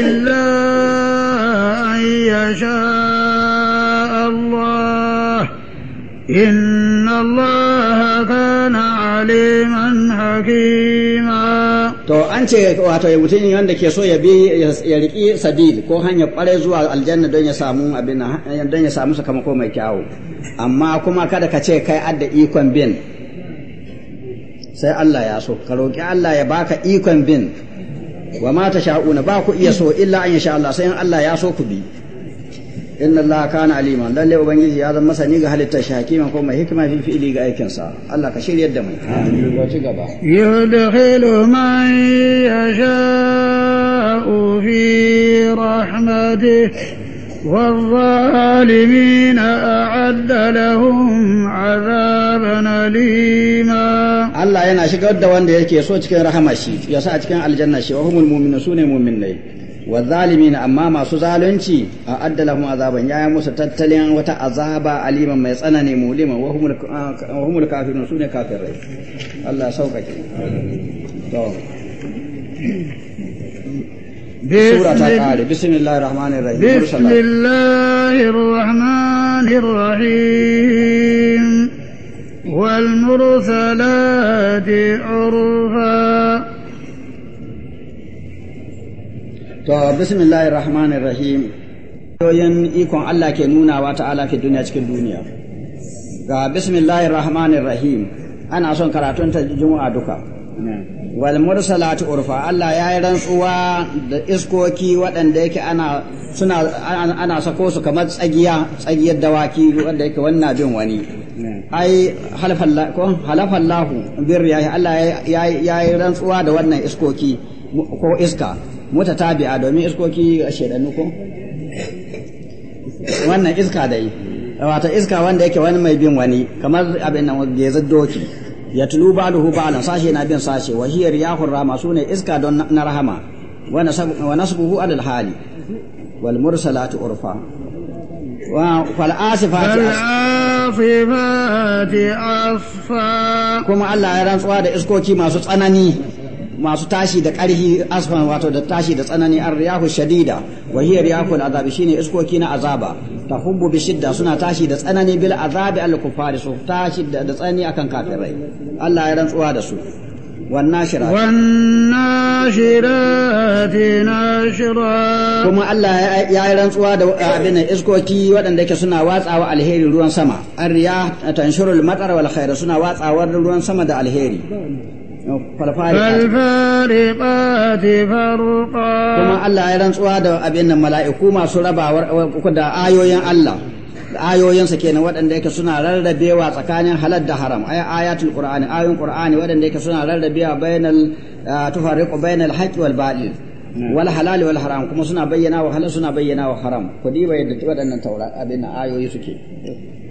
إلا أن يشاء الله إن الله كان عليما حكيما to an ce wato ya mutum wanda ke so ya bi ya riki sabil ko hanyar kware zuwa aljanna don ya samu abin don ya samu sakamako mai kyawu amma kuma kada ka ce kai adda ikon bin sai Allah ya so ka roki Allah ya baka ikon bin wa ma sha'una ba ku iya so illa an yasha Allah sai in Allah ya so ku bi inna Allah kana aliman lalle ubangiji ya zama masani ga halittar shi hakiman ko mai hikima fi fi'ili ga aikin sa Allah ka shiryar da mu amin ci gaba yudkhilu man yasha'u fi rahmatihi والظالمين أعد لهم عذابا أليما الله yana shigar da wanda yake so cikin rahama shi ya sa a cikin aljanna shi wa humul mu'minu sune mu'minai wa amma masu zalunci a addalahum azaban ya musu tattalin wata azaba aliman mai tsanani mulima wa humul kafirun sune kafirai Allah sauƙaƙe to سورة بسم الله الرحمن الرحيم بسم الله الرحمن الرحيم والمرسلات عرفا to bismillahir rahmanir rahim yoyin ikon Allah ke nunawa ta'ala fi duniya cikin duniya ga bismillahir rahmanir rahim ana son karatun ta juma'a duka wal mursalatu urfa Allah ya yi rantsuwa da iskoki waɗanda yake ana ana sako su kamar tsagiya tsagiyar dawaki wanda yake wannan bin wani ai Lahu bir ya Allah ya yi rantsuwa da wannan iskoki ko iska muta tabi'a domin iskoki a shedanu ko wannan iska dai wata iska wanda yake wani mai bin wani kamar abin nan gezar doki ya tulu baluhu ba'ala sashe na bin sashe wa ya riyahur rama sune iska don na rahama wa nasbuhu alal hali wal mursalatu urfa wa fal asifati asfa kuma Allah ya rantsuwa da iskoki masu tsanani masu tashi da ƙarhi asfan wato da tashi da tsanani an riyahu shadida wa hiya riyahul azabi shine iskoki na azaba tahubbu bi shidda suna tashi da tsanani bil azabi al kufari su tashi da tsanani akan kafirai Allah ya rantsuwa da su والناشرات والناشرات ناشرا كما الله يا رنسوا da abin iskoki waɗanda yake suna watsawa alheri ruwan sama arriya tanshurul matar wal khair suna watsawar ruwan sama da alheri فالفارقات فرقا كما الله أيضا سواد أبين الملائكة ما سربا وكدا آيوين الله ayoyinsa kenan waɗanda yake suna rarrabewa tsakanin halal da haram ay ayatul qur'ani ayoyin qur'ani waɗanda yake suna rarrabewa bainal tufarriqu bainal haqqi wal batil wal halal wal haram kuma suna bayyana wa halal suna bayyana wa haram kudi bai da waɗannan taura suke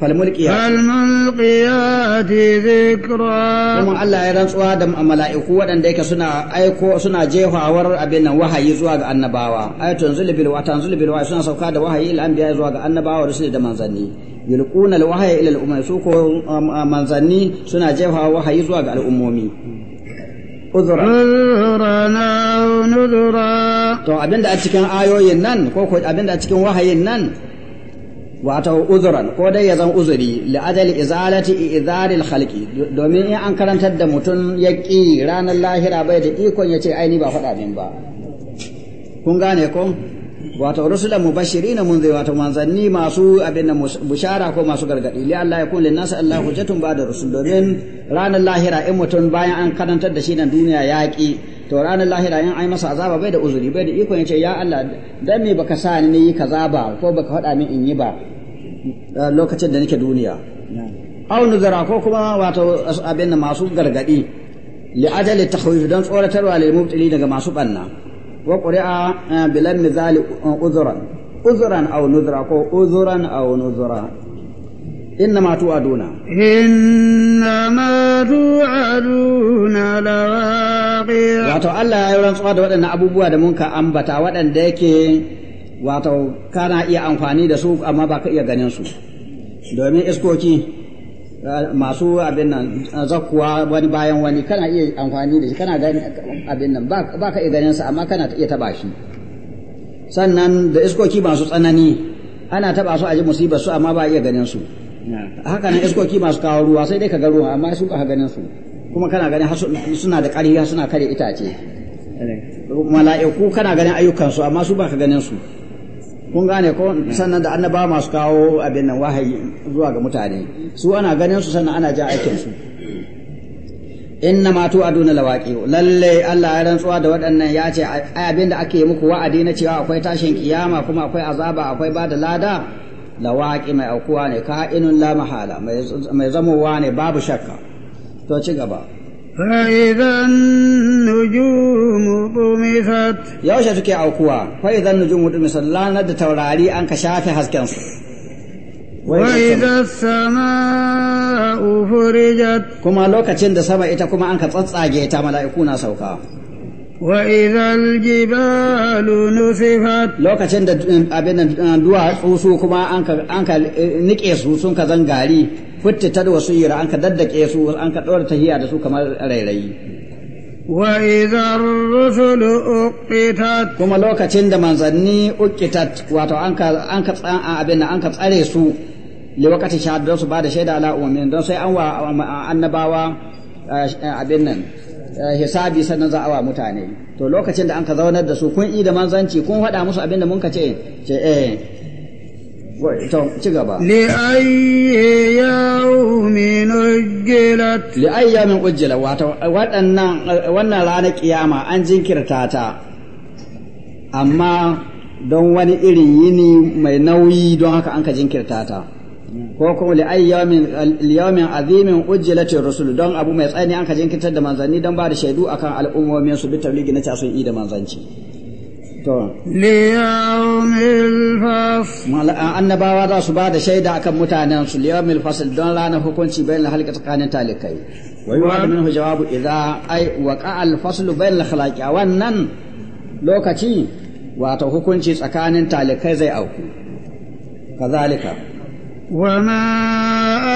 falmulqiyat zikra kuma Allah ya rantsuwa da mala'iku waɗanda yake suna aiko suna jehawar abin nan wahayi zuwa ga annabawa ayatun zulbil wa tanzul bil wahayi suna sauka da wahayi ilan anbiya zuwa ga annabawa rusul da manzanni yulquna al wahaya ila al su ko manzanni suna jefawa wahayi zuwa ga al'ummomi uzura nuzura to abinda a cikin ayoyin nan ko abinda a cikin wahayin nan wato uzuran ko dai ya zan uzuri li'ajali izalati izaril khalqi domin in an karantar da mutum ya ƙi ranar lahira bai da ikon ya ce ai ni ba faɗa min ba kun gane ko wato rusulan mubashirin mun zai wato manzanni masu abin da bushara ko masu gargadi li Allah ya kun lin nas Allah hujjatun ba da rusul domin ranar lahira in mutum bayan an karantar da shi nan duniya ya ƙi to ranar lahira in ai masa azaba bai da uzuri bai da ikon ya ce ya Allah dan me baka sa ni kaza ba ko baka faɗa min in yi ba Ah, lokacin da nake duniya aw nuzara ko kuma wato abin da masu gargadi li ajali takhwif dan tsoratarwa lil mubtili daga masu banna wa qur'a eh, bilan mizali eh, uzran uzran aw nuzra ko uzran aw nuzra إنما توعدون إنما توعدون لواقع wato Allah ya rantsuwa da waɗannan abubuwa da mun ka ambata waɗanda yake wato kana iya amfani da su amma ba ka iya ganin su domin iskoki eh, masu abin nan eh, zakuwa wani bayan wani kana iya amfani da shi kana gani abin nan ba ka iya ganin su amma kana iya taba shi sannan da iskoki masu tsanani ana taba su a ji musibar su amma ba iya ganin su haka nan iskoki masu kawo ruwa sai dai ka ga ruwa amma su ka ganin su kuma kana ganin suna da ƙarya suna kare itace mala'iku kana ganin ayyukansu amma su ba ka ganin su kun gane ko sannan da annaba masu kawo abin nan wahayi zuwa ga mutane su ana ganin su sannan ana ja aikin su inna ma tu aduna lawaqi lalle Allah ya rantsuwa da waɗannan ya ce abin da ake muku wa'adi na cewa akwai tashin kiyama kuma akwai azaba akwai bada lada lawaqi mai aukuwa ne ka'inun la mahala mai zamowa ne babu shakka to ci gaba فإذا النجوم طمست يوشا تكي أوكوا فإذا النجوم طمست لا ند تورالي أنك شافي هزكنس وإذا السماء فرجت كما لوكا تشند سبا إتا كما أنك تتصاجي إتا ملائكونا سوكا وإذا الجبال نصفت لوكا تشند أبنا دوار أوسو كما أنك أنك نكيسو سنك futtitar wasu yira an ka daddake su an ka ɗora tahiya da su kamar rairayi wato an ka كما لو كتشن an ka tsare su, أنك wakati أبنا don su سوء لوقت شهاد دوس بعد شهادة على an دوس أنوا النباوة أبنا hisabi sannan za a wa mutane to lokacin da an ka zaunar da su kun yi da manzanci kun faɗa musu abin da mun ka ce ce eh ita gaba. لأي يوم أجلت لأي يوم أجلت وأنا wannan رانا قيامة an jinkirta ta amma don wani irin yini mai nauyi don haka an ka jinkirta ta ko kuma li ayyamin yawmin azimin ujjilati rusul don abu mai tsani an ka jinkirta da manzanni don ba da shaidu akan al'ummomin su bi tabligi na casun i da manzanci liyawmil annabawa za su ba da shaida akan mutanen su liyawmil fasl don ranar hukunci bayan halka tsakanin talikai wa yuhadu minhu jawabu idza ai waqa al fasl bayan al khalaqi wannan lokaci wato hukunci tsakanin talikai zai auku kazalika وما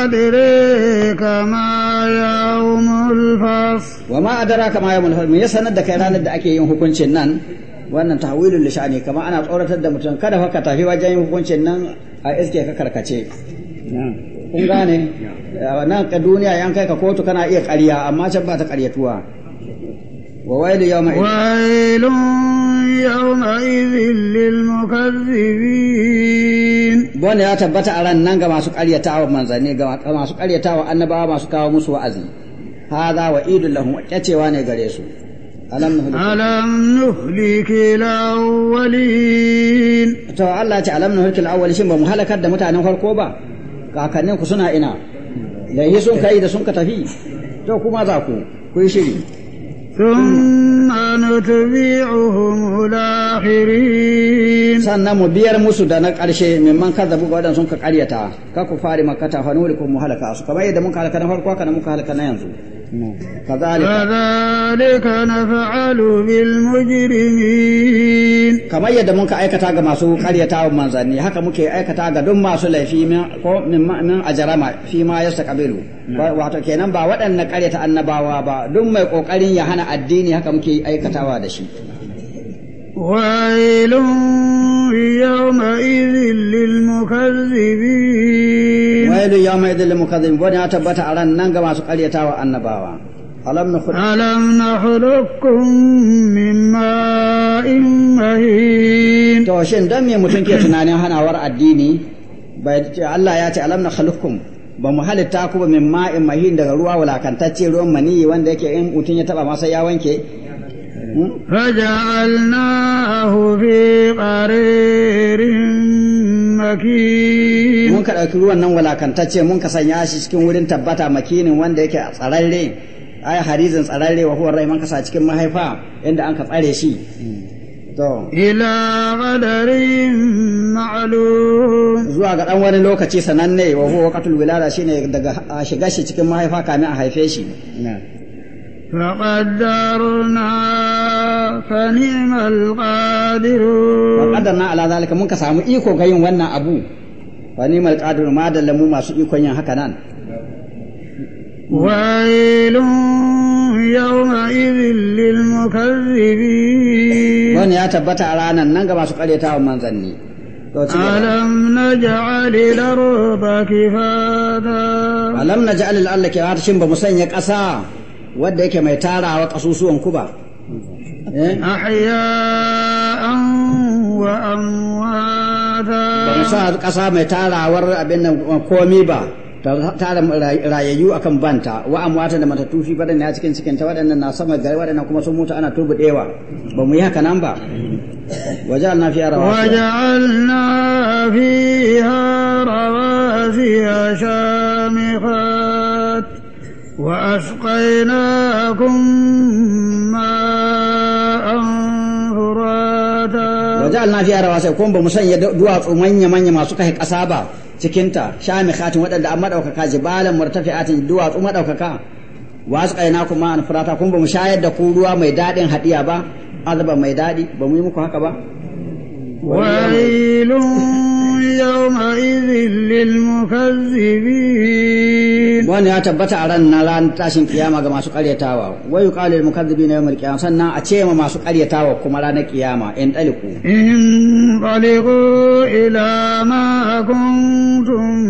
أدريك ما يوم الفصل وما أدراك ما يوم الفصل me ya sanar da kai ranar da ake yin hukuncin nan wannan tahwilul lishani kamar ana tsoratar da mutum kada fa ka tafi wajen hukuncin nan a iske ka karkace kun gane nan ka duniya yan kai ka kotu kana iya ƙarya amma can ba ta ƙaryatuwa wa wailu yawma wailu yawma idhin lil mukazzibin bone ya tabbata a ran nan ga masu ƙaryatawa manzanni ga masu ƙaryatawa annabawa masu kawo musu wa'azi hadha wa'idul lahum kyacewa ne gare su alam nuhliki al to Allah ce alam nuhliki al shin ba mu halakar da mutanen farko ba kakannin ku suna ina yayi sun kai da sun ka tafi to kuma za ku ku yi shiri ثم نتبعهم الآخرين سنة مبير مسو دانا قرشي من من كذبوا قولا سنك قريتا كاكو فاري مكة فنولكم مهلكا كما يدى منك هلكا نفر كوكا نمك هلكا yanzu. kazanin kana su alubil mujjirmin. kamar yadda mun ka aikata ga masu karyatawa manzani haka muke aikata ga dun masu laifin ko min ajarama fimayessaka milu wato kenan ba waɗannan karyata annabawa ba dun mai kokarin yahana addini haka muke da wa dashi. يومئذ للمكذبين ويل يومئذ للمكذبين بني أتبت على النانغ ما سقال يتاوى النباوة ألم نخلق ألم نخلقكم dan me mutum ke tunanin hanawar addini Allah ya ce alam na ba mu halitta ku ba min ma'in daga ruwa wulakantacce ruwan maniyi wanda yake in mutum ya taba masa ya wanke فجعلناه في قرير مكين mun ka ɗauki ruwan nan walakantacce mun ka sanya shi cikin wurin tabbata makinin wanda yake a tsararre ai harizin tsararre wa huwar rai cikin mahaifa inda an ka tsare shi to ila qadarin ma'lum zuwa ga dan wani lokaci sananne wa huwa waqtul wilada shine daga shiga shi cikin mahaifa kamin a haife shi na'am فقدرنا فنعم القادرون فقدرنا على ذلك من كسامو إيكو غيون ونا أبو فنعم القادرون ما دلمو ما سيكو ين هكذا ويل يومئذ للمكذبين وان يا تبت على أن ننقى ما سقريتها ومن ظني ألم نجعل الأرض كفاتا ألم نجعل الأرض كفاتا شنب مسنيك أسا wadda yake mai tarawa kasusuwan kuba eh? ahya'an wa amwata ba mu sa ƙasa mai tarawar abin nan komi ba tara rayayyu akan banta wa amwata da matattu shi fadan ya cikin cikin ta waɗannan na sama gari waɗannan kuma sun mutu ana turbudewa ba mu yi haka nan ba وجعلنا فيها رواسي وجعلنا فيها رواسي شامخات وأسقيناكم ماء فراتا وجعلنا فيها رواسي كون بمسنية دوات ومنية منية ما سكه كسابة cikinta shamikhatin waɗanda an maɗaukaka jibalan murtafi'atin duwatsu maɗaukaka wa asqaina kuma an furata kun ba mu shayar da ku ruwa mai daɗin haɗiya ba azaba mai daɗi ba mu yi muku haka ba wailun يومئذ للمكذبين وان ya tabbata a ran na ran tashin kiyama ga masu karyatawa wa yuqalu lil mukazzibina yawm al qiyamah sannan a ce ma masu karyatawa kuma ranar kiyama in taliku in taliku ila ma kuntum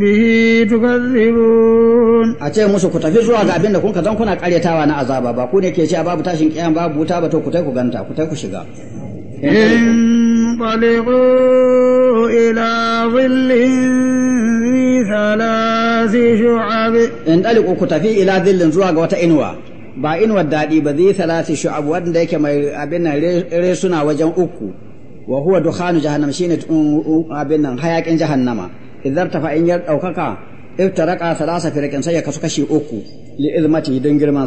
bihi tukazzibun a ce musu ku tafi zuwa ga abin da kun ka zan kuna karyatawa na azaba ba ku ne ke cewa babu tashin kiyama babu wuta ba to ku tai ku ganta ku tai ku shiga in انطلقوا إلى ظل ذي ثلاث شعب انطلقوا ba inuwar daɗi ba zai salati shu'ab wanda yake mai abin nan resuna wajen uku wa huwa dukhanu jahannam shine abin nan hayakin jahannama idan tafa in ya daukaka iftaraka salasa firqin sai ya kasu kashi uku li izmati don girman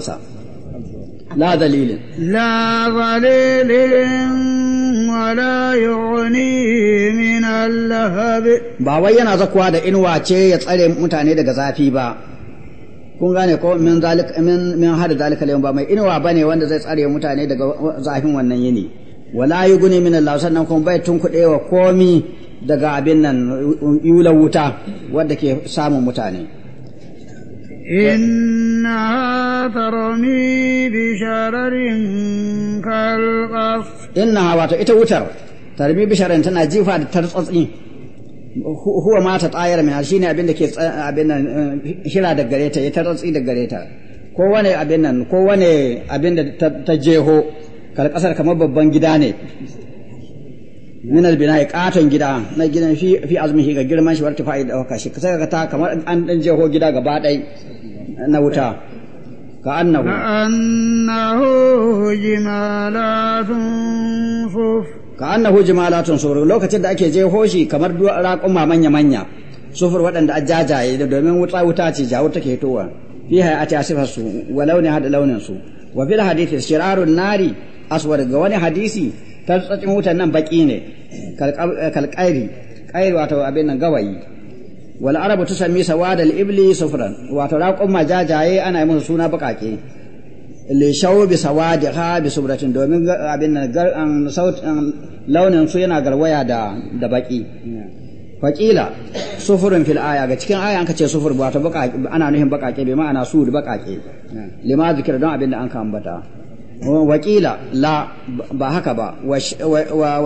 dalilin la dalilin ولا يغني من اللهب ba wai yana da inuwa ce ya tsare mutane daga zafi ba kun gane ko min zalika min min hada zalika lawan ba mai inuwa bane wanda zai tsare mutane daga zafin wannan yini wala yughni min Allah sannan kuma bai tun kudewa komi daga abin nan yula wuta wanda ke samun mutane إنها ترمي بشرر كالقصر إنها واتو إتا وتر ترمي بشرر تنا جيفا huwa ma ta tsayar min ne abin da ke abin shira da gareta ya tarotsi da gareta ko da ta jeho kamar babban gida ne min albina ya katon gida na gidan shi fi azmin ga girman shi warta fa'ida haka shi sai ka ta kamar an dan jeho gida gaba dai na wuta ka annahu ka annahu jimalatun suf ka annahu jimalatun suf lokacin da ake jeho shi kamar raƙuma manya manya sufur waɗanda a jajaye domin wuta wuta ce jawo take hitowa fi hayati asifar su wa launi hada launin su wa bil hadith shirarun nari aswar ga wani hadisi tantsatsin wutan nan baki ne kalƙairi ƙairi wato abin nan gawayi wal arabu tusammi sawad al ibli sufran wato raqum majajaye ana yi musu suna bakake li shawbi ha bi subratin domin abin nan gar an launin su yana garwaya da da baki faƙila sufurin fil aya ga cikin aya an ka ce sufur wato ana nuhin bakake bai ma'ana su da bakake lima zikir don abin da an ka ambata wakila la ba haka ba wa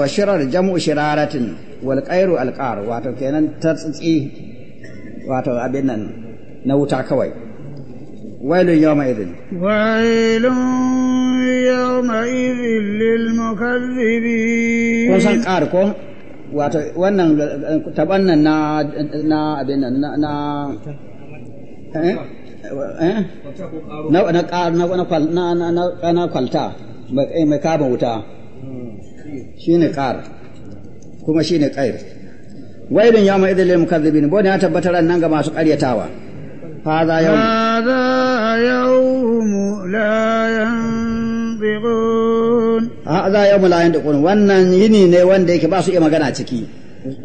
shirar jam'u shiraratin wal qairu al qar wato kenan tatsitsi wato abin nan na wuta kawai wailun yawma idin wailun yawma idin lil mukazzibin kun san qar ko wato wannan eh, tabannan na na abin nan na eh na kwalta mai eh, kama wuta shi ne ƙar kuma shi ne ƙair wailin yawon idil lil mukazzibin bone ya tabbatar nan ga masu ƙaryatawa hadha yawm hadha yawm la yanbiqun hadha yawm la wannan yini ne wanda yake ba su iya magana ciki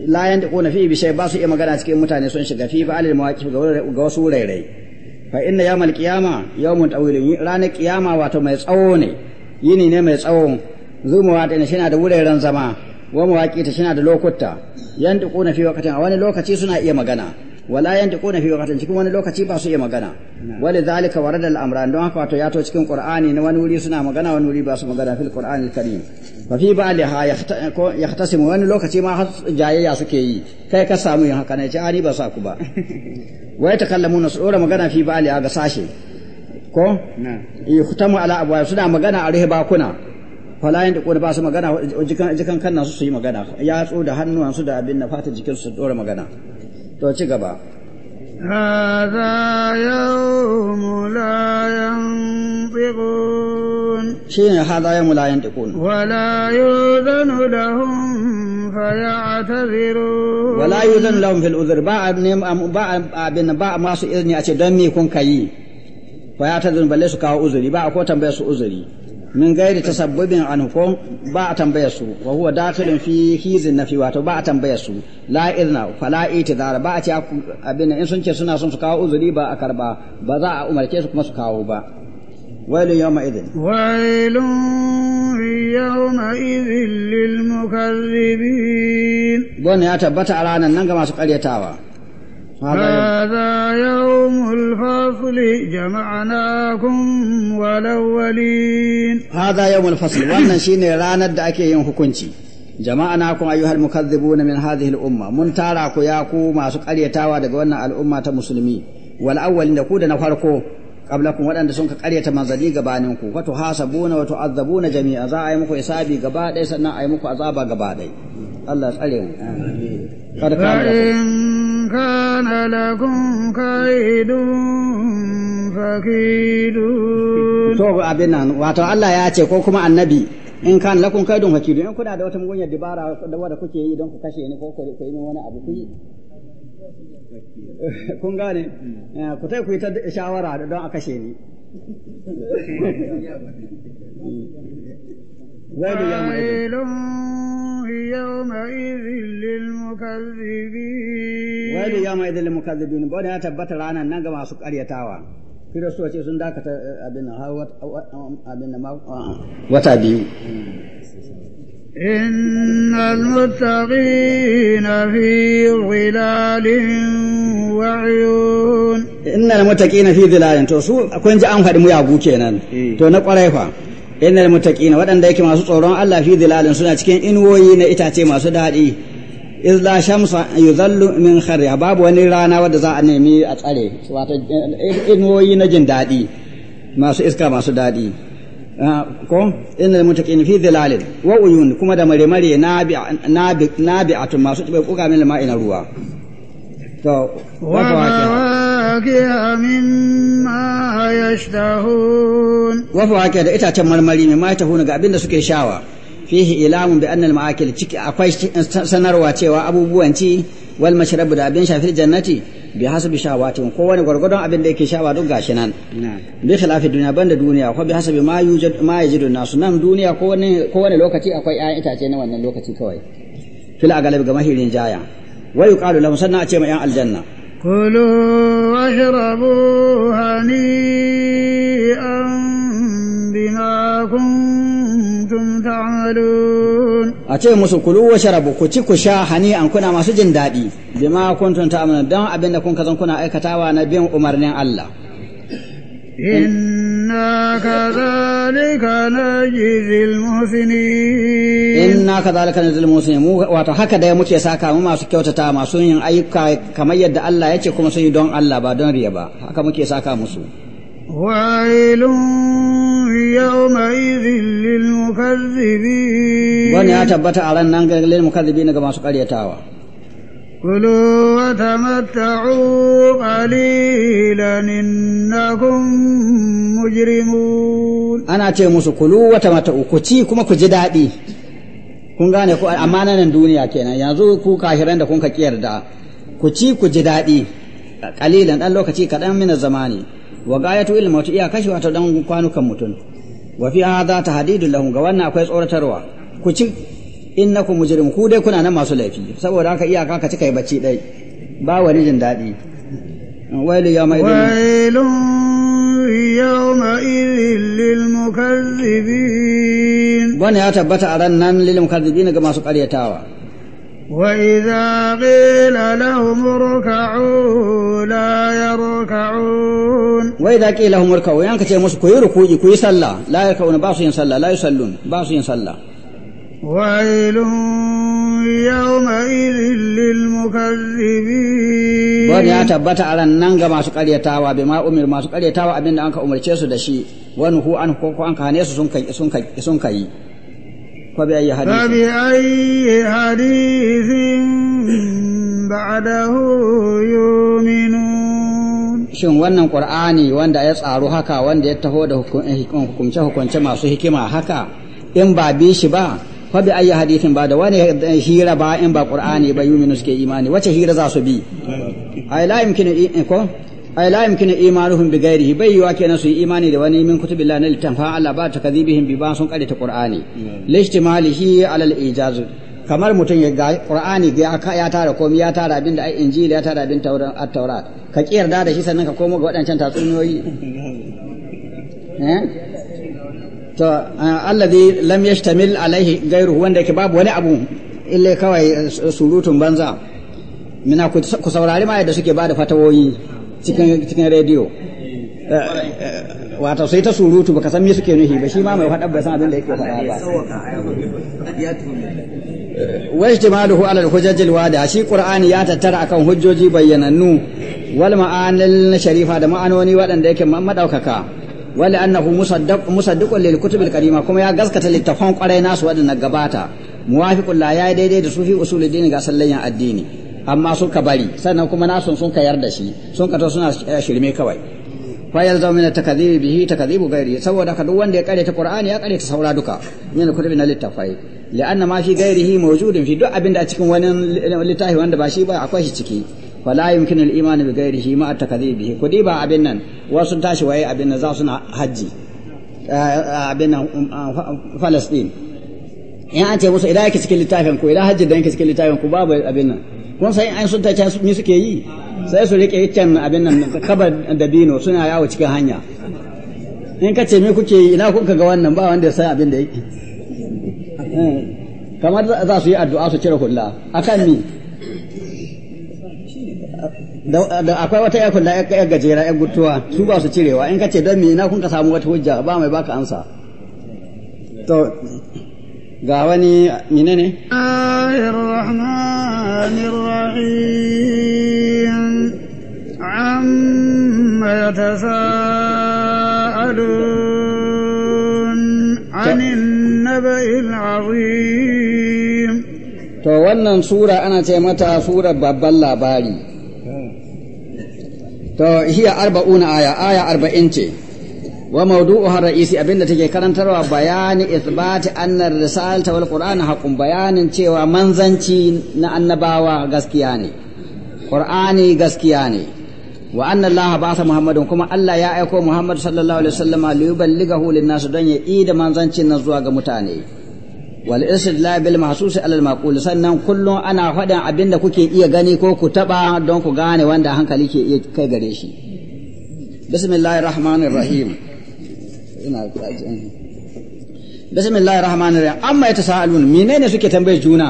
la na fi bi shay ba su iya magana cikin mutane sun shiga fi ba alil mawaqif ga wasu rairai fa inna yawmal qiyama yawmun tawilun ranar qiyama wato mai tsawo ne yini ne mai tsawo zumuwa ta shina da wuraren zama wa mawaki ta shina da lokuta yantiquna fi waqtin a wani lokaci suna iya magana wala yantiquna fi waqtin cikin wani lokaci ba su iya magana wali zalika warada al-amran don haka wato ya to cikin qur'ani na wani wuri suna magana wani wuri ba su magana fil qur'anil karim fa fi ba'liha yahtasimu wani lokaci ma jayayya suke yi kai ka samu yin haka na ce ani ba sa ku ba wai ta takallamuna su dora magana fi ba'liha ga sashe ko yuhtamu ala abwa suna magana a rihe bakuna fala yin da ba su magana jikan kannan su su yi magana ya tso da hannuwansu da abin na fata jikin su dora magana to ci gaba هذا يوم لا ينطقون شين هذا يوم لا ينطقون ولا يؤذن لهم فيعتذرون ولا يؤذن لهم في الأذر باع باع باع ما سئلني أتدمي كن كي فيعتذرون بل ليسوا كاو أذري باع كوتا بيسوا أذري Mun gairi ta anhu ko ba a tambaya su wa huwa dakhilun fi hizin nafi wato ba a tambaya su la izna fala itidar ba a ce abin in sun ce suna son su kawo uzuri ba a karba ba za a umarce su kuma su kawo ba wailu yawma idin wailu yawma idin lil mukazzibin gona ya tabbata a ranar nan ga masu karyatawa هذا يوم الفصل جمعناكم والأولين هذا يوم الفصل وانا شيني لا دا اكي يوم حكونتي جمعناكم أيها المكذبون من هذه الأمة من تاراكو ياكو ما سوك ألي تاوى دا قولنا الأمة مسلمي والأول نقود نفركو قبلكم وانا سنك sun ka ƙaryata manzanni gabanin ku wato hasabuna wato azabuna jami'a za a yi muku isabi gaba ɗaya كان لكم كيد فكيدون to abin nan wato Allah ya ce ko kuma annabi in kan lakun kaidun hakidu in kuna da wata mugunya dibara da wanda kuke yi don ku kashe ni ko ku yi min wani abu ku yi kun gane hmm. eh, ku ta ku yi ta shawara don a kashe ni wailu Waɗu iya ma idilin mukazibin? Waiɗi ba wanda ya tabbata ranar nan ga masu karyatawa. Fira soje sun dakata eh, abin a hawa um, wata abin a biyu. Ina motaƙi na fi fi daɗin wanyon. In na fi daɗin to su akwai ji an haɗi mu yaba uke nan, eh. to na kwarai fa. innal waɗanda yake masu tsoron Allah fi dilalin suna cikin inuwoyi na itace masu daɗi iz la shamsa yuzallu min kharriha babu wani rana wadda za a nemi a tsare wato eh, inuwoyi na jin daɗi masu iska masu ah, ko fi dilalin wa uyun kuma da mare mare masu kuka min ma'ina ruwa to wa وفواكه مما يشتهون وفواكه da itacen marmari mai mata huna ga abin da suke shawa fihi ilamun bi annal ma'akil ciki akwai eh, cewa abubuwan ci da abin shafir jannati bi hasabi shawatin ko wani abin da yake shawa duk gashi nan bi khilafi duniya banda duniya ko bi hasabi ma yujad ma yajidu nasu nan duniya ko wani ko wani lokaci akwai itace na wannan lokaci kawai fil ga mahirin jaya wa yuqalu sanna a ce ma aljanna كلوا واشربوا هنيئا بما كنتم تعملون أتي مسو كلوا واشربوا كتي كشا هنيئا كنا ما سجن دادي بما كنتم تعملون دان أبين كن كذن كنا أي كتاوى نبيهم أمرنا الله إن إنا كذلك نجزي المحسنين إنا كذلك نجزي wato haka da ya muke saka mu masu kyautata masu yin ayyuka kamar yadda Allah ya ce kuma sun yi don Allah ba don riya ba haka muke saka musu ويل zilin للمكذبين wani ya tabbata a ran nan ga lil mukazzibin ga masu karyatawa كلوا وتمتعوا قليلا إنكم مجرمون أنا أتي musu kulu وتمتعوا كتي كما كجدادي kun gane ku amana nan duniya kenan yanzu ku kahiran da kun ka kiyarda ku ci ku ji daɗi kalilan ɗan lokaci kaɗan mina zamani wa gayatu ilma wata iya kashe wata ɗan kwanukan mutum wa fi hadha tahdidu lahum ga wannan akwai tsoratarwa ku ci in na ku dai kuna nan masu laifi saboda haka iyaka ka cika yi bacci dai ba wani jin daɗi wailu yawma mai wailu yawma idin lil mukazzibin wannan ya tabbata a ran nan lil mukazzibin ga masu ƙaryatawa وإذا قيل لهم اركعوا لا يركعون وإذا قيل لهم اركعوا yi كتير مسكوا يركوا يكوا يسلى لا يركعون باصين صلى لا يسلون باصين صلى ويل يومئذ للمكذبين wani ya tabbata a ran nan ga masu karyatawa bai ma umir karyatawa abinda an ka umarce su da shi wani ko an ka su sun kai sun kai sun kai ko bi ayi hadisi bi ayi hadisin ba'dahu shin wannan ƙur'ani wanda ya tsaro haka wanda ya taho da hukunce eh, hukunce masu hikima haka in ba bi shi ba fa bi ayi hadithin ba da wani hira ba in ba qur'ani ba yuminu suke imani wace hira za su bi ay la yumkinu eh, ko ay la yumkinu imanuhum bi ghairihi bai yiwa kenan su yi imani da wani min kutubillahi na littafa Allah ba ta kadhibihim bi ba sun karita qur'ani lishtimalihi ala al-ijaz kamar mutum ya ga qur'ani ya ya tara komi ya tara abin da ai injili ya tara abin tauran at-taurat ka kiyarda da shi sannan ka komo ga waɗancan tatsuniyoyi eh to alladhi lam yashtamil alaihi gairu wanda yake babu wani abu illa kawai eh, surutun banza mina ku saurari ma yadda suke bada fatawoyi cikin cikin rediyo eh, eh, wato sai ta surutu baka san me suke nuhi. ba shi ma mai fadar bai san abin da yake faɗa ba ijtimaluhu ala alhujaj hujaj shi qur'ani ya tattara akan hujjoji bayyanannu wal ma'anil sharifa da ma'anoni waɗanda yake madaukaka wala annahu musaddaq musaddiqun lil kutubil karima kuma ya gaskata littafan kwarai nasu wadanda gabata muwafiqun la ya daidai da sufi usulul dini ga sallayan addini amma suka bari sannan kuma nasun sun ka da shi sun kato suna shirme kawai fa zama min takdhibi bihi takdhibu ghairi saboda ka duk wanda ya kare ta qur'ani ya kare ta saura duka min kutubi na littafai li'anna ma fi ghairihi mawjudun fi duk abinda a cikin wani littafi wanda ba shi ba akwai shi ciki fala yumkinu al-iman bi ghairihi ma at-takdhibi kudi ba abin nan wasu tashi waye abin nan za su na haji abin nan Palestine in an ce musu idan yake cikin littafin ku idan hajji da yake cikin littafin ku babu abin nan kun sai an sun tace su suke yi sai su rike iccen abin nan kabar dabino suna yawo cikin hanya in ka ce me kuke yi ina kuka ga wannan ba wanda ya san abin da yake kamar za su yi addu'a su cire hulla akan ni Da akwai wata yakun da ya gajera ya gutuwa su ba su cirewa in ka ce don na kun ka samu wata hujja ba mai baka ansa to ga wani mine ne to wannan sura ana ce mata surar babban labari to hiya arba'una aya aya arba'in ce wa mawdu'uha ra'isi abinda take karantarwa bayani ithbati anna risalata wal qur'ana haqqun bayanin cewa manzanci na annabawa gaskiya ne qur'ani gaskiya ne wa anna allaha ba'atha muhammadun kuma allah ya aiko muhammad sallallahu alaihi wasallam li yuballighahu lin nas don ya ida manzancin nan zuwa ga mutane wal istidlal bil masu ala al maqul sannan kullum ana faɗin abinda kuke iya gani ko ku taɓa don ku gane wanda hankali ke iya kai gare shi bismillahir rahmanir rahim ina bismillahir rahmanir rahim amma yatasaalun menene suke tambaye juna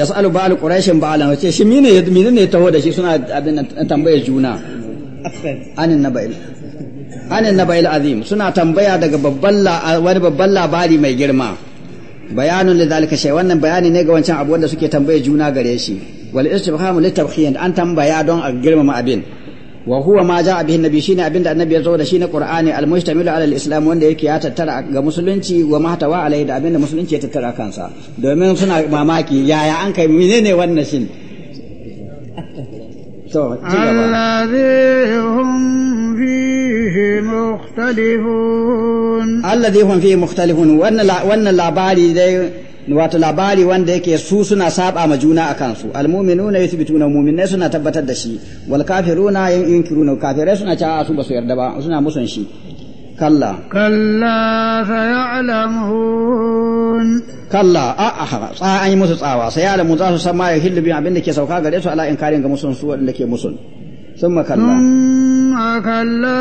yas'alu ba'al quraishin ba'alan wace shi mene menene ya taho da shi suna abin tambaye juna anin naba'il anin naba'il azim suna tambaya daga babban wani babban labari mai girma bayanun lidhalika shay wannan bayani ne ga wancan abu wanda suke tambaye juna gare shi wal istifhamu litarhiyan an tambaya don a girmama abin wa huwa ma jaa bihi nabi shine abin da annabi ya zo da shi na qur'ani al mustamilu ala al islam wanda yake ya tattara ga musulunci wa mahtawa alai da abin da musulunci ya tattara kansa domin suna mamaki yaya an kai menene wannan shin الذي هم فيه مختلفون الذي هم فيه wato labari wanda yake su suna saba ma juna a kansu almu'minuna yuthbituna mu'minai suna tabbatar da shi wal kafiruna yunkiruna kafirai suna cewa su ba su yarda ba suna musun shi كلا كلا سيعلمون كلا أأها سأي موسى سأوا سيعلم ذا سما يهل بي أبين دكي سوكا غري سو على إنكارين كمسون سوى دكي مسون ثم كلا ثم كلا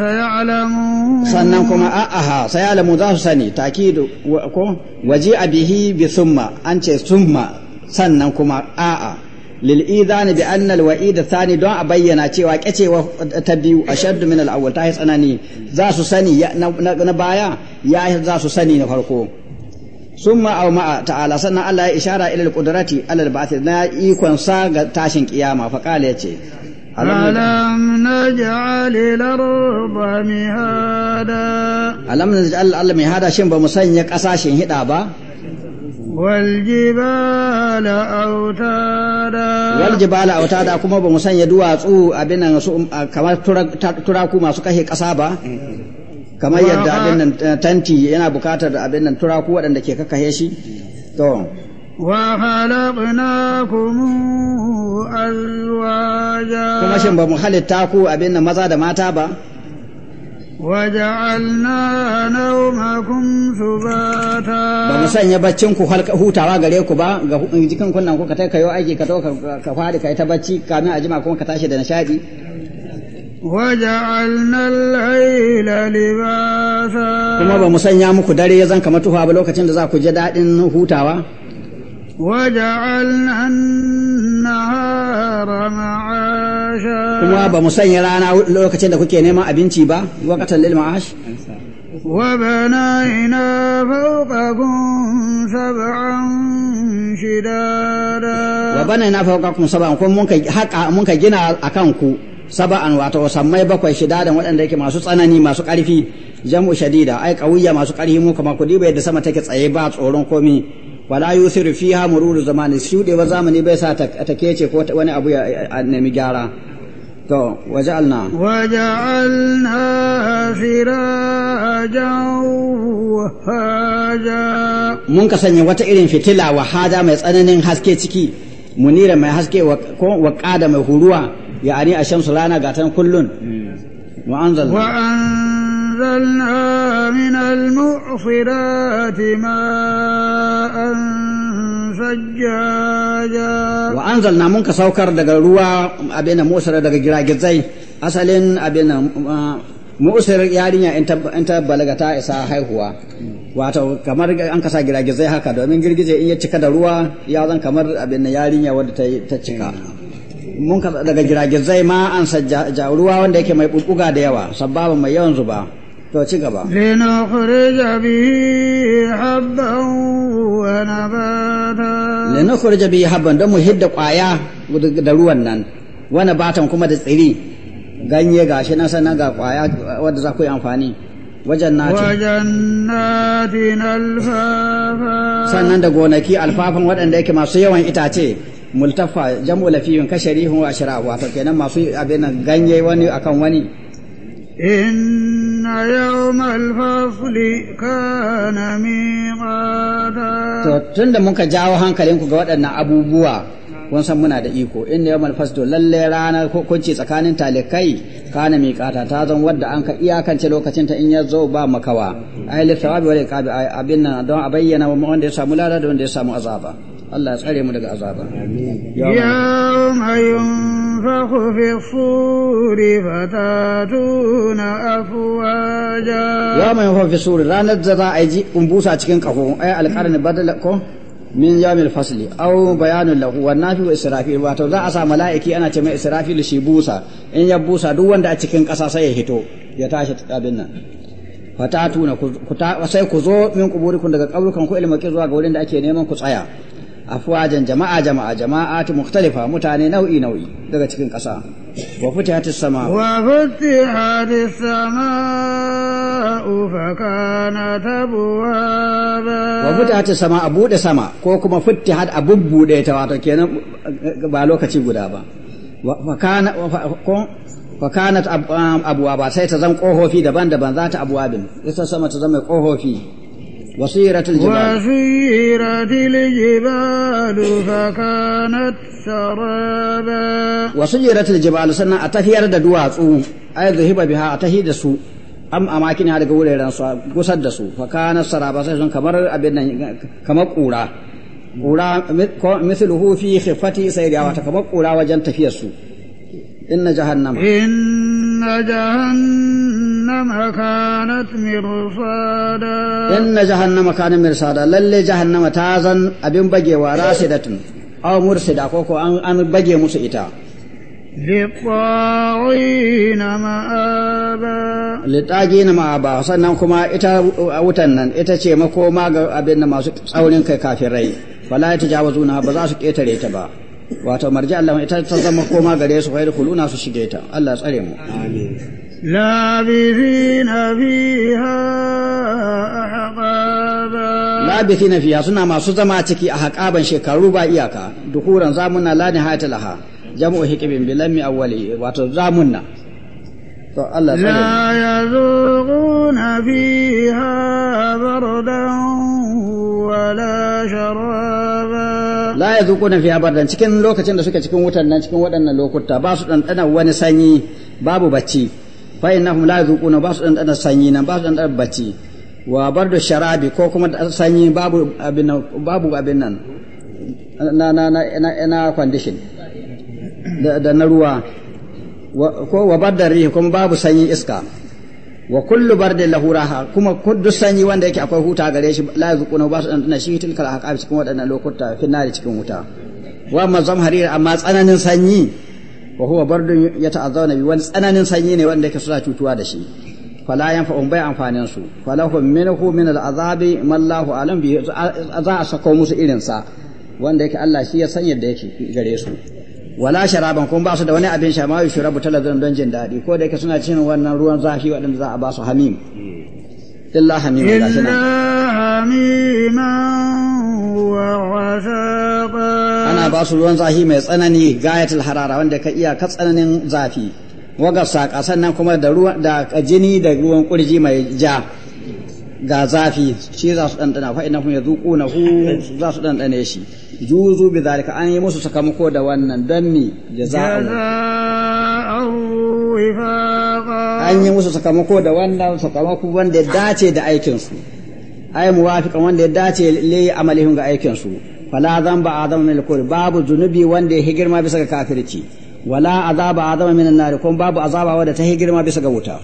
سيعلمون sannan kuma a'aha sai alamu za su sani takidu ko waji abihi bi summa an ce summa sannan kuma a'a lil'izani bi anna alwa'id sani don a bayyana cewa kecewa ta biyu ashaddu min al-awwal ta tsanani za su sani na baya ya za su sani na farko summa aw ma'a ta'ala sannan Allah ya ishara ila al-qudrati na ikon sa ga tashin kiyama ألم نجعل الأرض مهادا ألم نجعل الأرض مهادا شن بمسنيك أساشين هدا والجبال أوتادا والجبال أوتادا كما بمسان يدوا أتسو أبنا كما تراكو ما kasa ba. kamar yadda abin nan tanti yana bukatar abin nan turaku waɗanda ke kakahe shi to وخلقناكم أزواجا kuma shin ba mu halitta ku abin nan maza da mata ba وجعلنا نومكم سباتا ba mu sanya baccin ku hutawa gare ku ba ga jikin kunnan ku ka ta kayo aiki ka to ka fadi kai ta bacci kamin a jima kuma ka tashi da nishadi وجعلنا الليل لباسا kuma ba mu sanya muku dare zan kamar tufa ba lokacin da za ku je dadin hutawa وجعلنا kuma ba mu sanya rana lokacin da kuke neman abinci ba waqatan lil ma'ash وبنينا فوقكم سبعا شدادا وبنينا فوقكم سبعا kun mun ka haka mun ka gina akan ku saba'an wato sammai bakwai shidadan waɗanda yake masu tsanani masu ƙarfi jam'u shadida ai ƙawiyya masu ƙarfi mu kuma ku bai yadda sama take tsaye ba tsoron komi wala yusiru fiha mururu zamani wa zamani bai sa ta kece ko wani abu ya nemi gyara to waja'alna waja'alna sirajan haja mun ka sanya wata irin fitila haja mai tsananin haske ciki munira mai haske ko waqada mai huruwa ya'ani ashamsu rana gatan kullun hmm. wa anzalna نزلنا من المعصرات ماء سجاجا وأنزلنا منك سوكر دقا روا أبينا مؤسر دقا جراجزي أسألين أبينا mu'usir yarinya in ta balaga ta isa haihuwa wato kamar an kasa girgizai haka domin girgije in ya cika da ruwa ya zan kamar abin na yarinya wadda ta cika mun ka daga girgizai ma an sajja ruwa wanda yake mai bubbuga da yawa sababa mai yawan zuba to ci gaba linukhrij bihi don mu hidda kwaya da ruwan nan wa nabatan kuma da tsiri ganye gashi nan sannan ga kwaya wadda za ku yi amfani wajen nati da gonaki alfafan waɗanda yake masu yawan itace multafa jam'u lafiyun kasharihun wa ashra'u wato kenan masu abin ganye wani akan wani إن يوم الفصل كان ميقاتا tun da muka jawo hankalinku ga waɗannan abubuwa kun san muna da iko inna yawmal fasl lalle ranar hukunci tsakanin talikai kana miqata ta zan wadda an ka iyakance lokacin ta in ya zo ba makawa ai li thawabi wal iqabi abin nan don a bayyana wa wanda ya samu lada da wanda ya samu azaba Allah ya tsare mu daga azaba amin yawma ينفخ في ranar فتاتون za يوم ينفخ في الصور لا نتزا أيجي أمبوسا تكين كفو أي القرن بدلكم min yamil fasli aw bayanun lahu wa nafi wa israfil wato za a sa mala'iki ana ce mai israfil shi busa in ya busa duk wanda a cikin ƙasa sai ya hito ya tashi abin nan fatatuna ku sai ku zo min kuburikum daga kabrukan ku ilmaki zuwa ga wurin da ake neman ku tsaya afwajan jama'a jama'a jama'a jama'atu mukhtalifa mutane nau'i nau'i daga cikin ƙasa wa futihat as-sama wa futihat as-sama fa kanat abwaba wa futihat as-sama a da sama ko kuma futihat a bubbude ta wato kenan ba lokaci guda ba wa kana wa kanat abwaba sai ta zan kohofi daban-daban za ta abwabin ita sama ta zama kohofi وسيرة الجبال وسيرة الجبال فكانت سرابا وسيرة الجبال سنة أتهير دواتو أي ذهب بها أتهيد سوء am amakin ha daga wuraren da su fa kana saraba sai sun kamar abin nan kamar kura kura mithluhu fi khiffati sayriya wa kamar kura wajen su إن جهنم كانت مرصادا إن جهنم كانت مرصادا للي جهنم تازن أبين بجي وراسدة أو مرصدة كوكو أن بجي مسئتا للطاغين مآبا للطاغين مآبا sannan kuma ita wutan إتا ita ce makoma ga ما da masu tsaurin kai kafirai wala ta jawazu na wato marja Allah ita ta zama koma gare su fayar kuluna su shige ta Allah tsare mu amin labithina fiha ahqaba labithina fiha suna masu zama ciki a haƙaban shekaru ba iyaka dukuran zamuna la nihayata laha jam'u hikibin bilami awwali wato zamunna to Allah tsare la yazuquna fiha bardan wala sharaba la na fiya bardan cikin lokacin da suke cikin wutan nan cikin waɗannan lokuta ba su ɗanɗana wani sanyi babu bacci fa innahum la yazuquna ba su ɗanɗana sanyi nan ba su ɗanɗana bacci wa bardu sharabi ko kuma sanyi babu abin babu abin nan na na na na condition da na ruwa ko wa bardu rihi kuma babu sanyi iska wa kullu bardin lahu raha kuma duk sanyi wanda yake akwai huta gare shi la yazquna ba su dantana shi tilkal ahqab cikin waɗannan lokuta fi nari cikin wuta wa mazam harira amma tsananin sanyi wa huwa bardun yata'azzawna bi wani tsananin sanyi ne wanda yake suna cutuwa da shi fala yanfa'un bai amfanin su falahum minhu min al'azabi man lahu alam bi za a sako musu irin sa wanda yake Allah shi ya san yadda yake gare su wala sharaban kuma ba su da wani abin sha ma yushrabu talazun don jin daɗi ko da yake suna cin wannan ruwan zafi waɗanda za a ba su hamim illa hamim illa hamim wa ana ba su ruwan zafi mai tsanani gayatul harara wanda ka iya ka tsananin zafi waga saƙa sannan kuma da ruwa da jini da ruwan kurji mai ja ga zafi shi za su ɗanɗana fa innahu hu za su ɗanɗane shi juzu bi zalika an yi musu sakamako da wannan dan mi jaza'u an yi musu sakamako da wannan sakamako wanda ya dace da aikin su ay muwafiqan wanda ya dace li amalihim ga aikin su fala zamba adam min alkul babu zunubi wanda ya girma bisa ga kafirci wala azaba adam min annar kun babu azaba wanda ta girma bisa ga wuta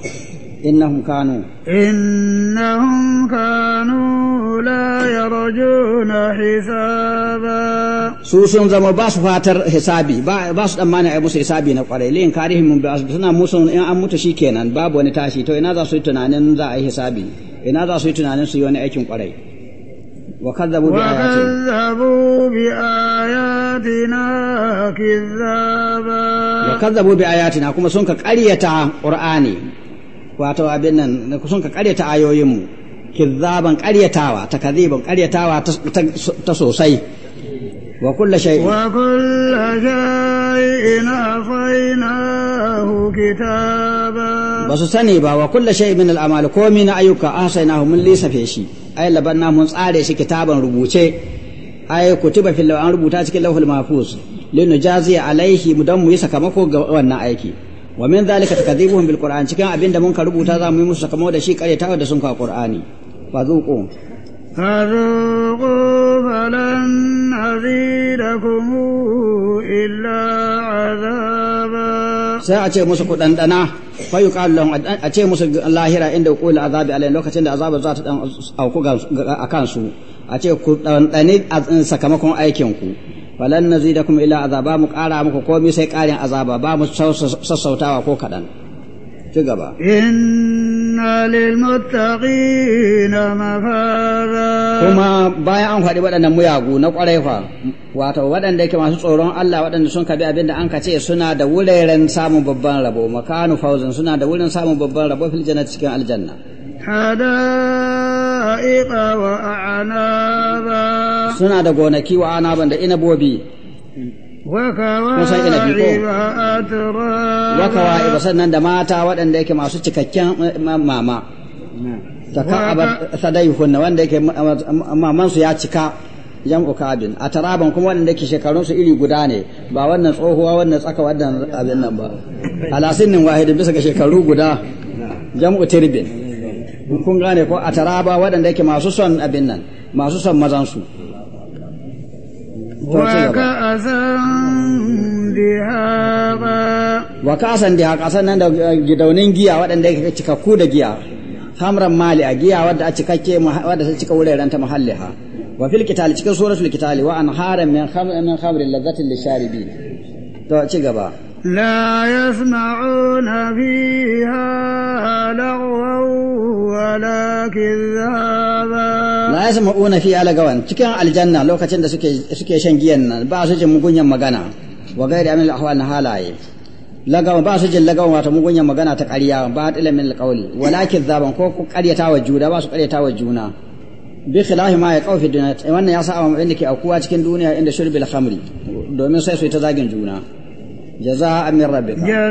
إنهم كانوا إنهم كانوا لا يرجون حسابا سوسن زما باس فاتر حسابي با باس دم مانا أبو حسابي نقرأ لين كارهم من باس سنا موسون إن أم متشيكين باب ونتاشي تو إن هذا سويتنا زا ذا حسابي إن هذا سويتنا نن سويون أيكم قري وكذبوا بآياتنا وكذبوا بآياتنا كذابا وكذبوا بآياتنا كما سنك قرية قرآني wato abin nan da kusan ka karyata ayoyinmu kizzaban karyatawa ta kaziban karyatawa ta sosai wa kulla shay wa kulla shay'in afainahu kitaba ba su sani ba wa kulla shay min al'amal ko min ayyuka ahsaynahu mun lisafe shi ay labanna mun tsare shi kitaban rubuce ay kutiba fil an rubuta cikin lauhul mahfuz linujazi alaihi mu dan mu yi sakamako ga wannan aiki wa min zalika takdhibuhum bil qur'an cikin abinda mun ka rubuta za mu yi musu kamo da shi karyatawa da sun ka qur'ani fa zuqu فذوقوا فلن نزيدكم illa azaba. sai a ce musu ku ɗanɗana fayu lahum a ce musu lahira inda ku la azabi alai lokacin da azaba za ta dan auku a kansu a ce ku ɗanɗani sakamakon aikin ku falan kuma ila azaba mu ƙara muku komai sai ƙarin azaba ba mu sassautawa ko kaɗan ci gaba inna na mafara kuma bayan an faɗi waɗannan muyagu na ƙwarai fa wato waɗanda yake masu tsoron Allah waɗanda sun kabi abin da an ka ce suna da wuraren samun babban rabo makanu fauzin suna da wurin samun babban rabo fil jannati cikin aljanna hada'iqa wa anaba suna da gonaki wa anaban da inabobi wakawa iba sannan da mata waɗanda yake masu cikakken eh, mama ta sadai sadayuhunna wanda yake mamansu ya cika yan kabin a taraban kuma waɗanda yake shekarunsu iri guda ne ba wannan tsohuwa wannan tsaka wannan abin nan ba alasinin wahidin bisa ga shekaru guda jam'u tirbin kun gane ko a taraba waɗanda yake masu son abin nan masu son mazansu wa kasan diha kasan nan da eh, gidaunin giya waɗanda yake ku da giya hamran mali a giya wadda a cikakke wadda ta cika wuraren ta ha wa fil kitali cikin suratul kitali wa an haram min khamrin lazzatin lisharibin to ci gaba لا يسمعون فيها لغوا ولا كذابا لا يسمعون فيها لغوا cikin aljanna lokacin da suke suke shan giyan nan ba su jin mugunyan magana wa gairi amin al na halaye lagawa ba su jin lagawa wata mugunyan magana ta ƙarya ba ta ilimin alƙawli wala kizzaban ko ƙaryata wa juna ba ƙaryata wa juna bi khilafi ma ya kaufi duniya wannan ya sa abin da ke aukuwa cikin duniya inda shurbil khamri domin sai su yi ta zagin juna جزاء من ربك جزاء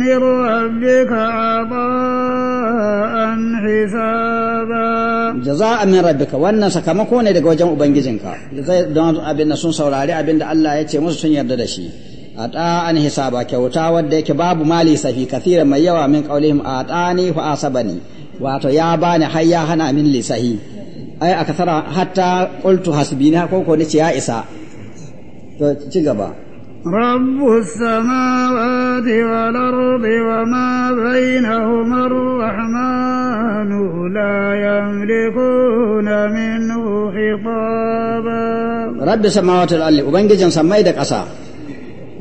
من ربك عطاء حسابا جزاء من ربك wannan sakamako ne daga wajen ubangijinka don abin da sun saurari abin da Allah ya ce musu sun yarda da shi a ɗa'an hisaba kyauta wadda yake babu mali safi kathira mai yawa min ƙaulihim a ɗani fa asabani wato ya bani har ya hana min lisahi ai a kasara hatta qultu hasbina ko ko nace ya isa to ci gaba رب السماوات والأرض وما بينهما الرحمن لا يملكون منه خطابا رب السماوات والأرض وبنجزن سمي دك أسا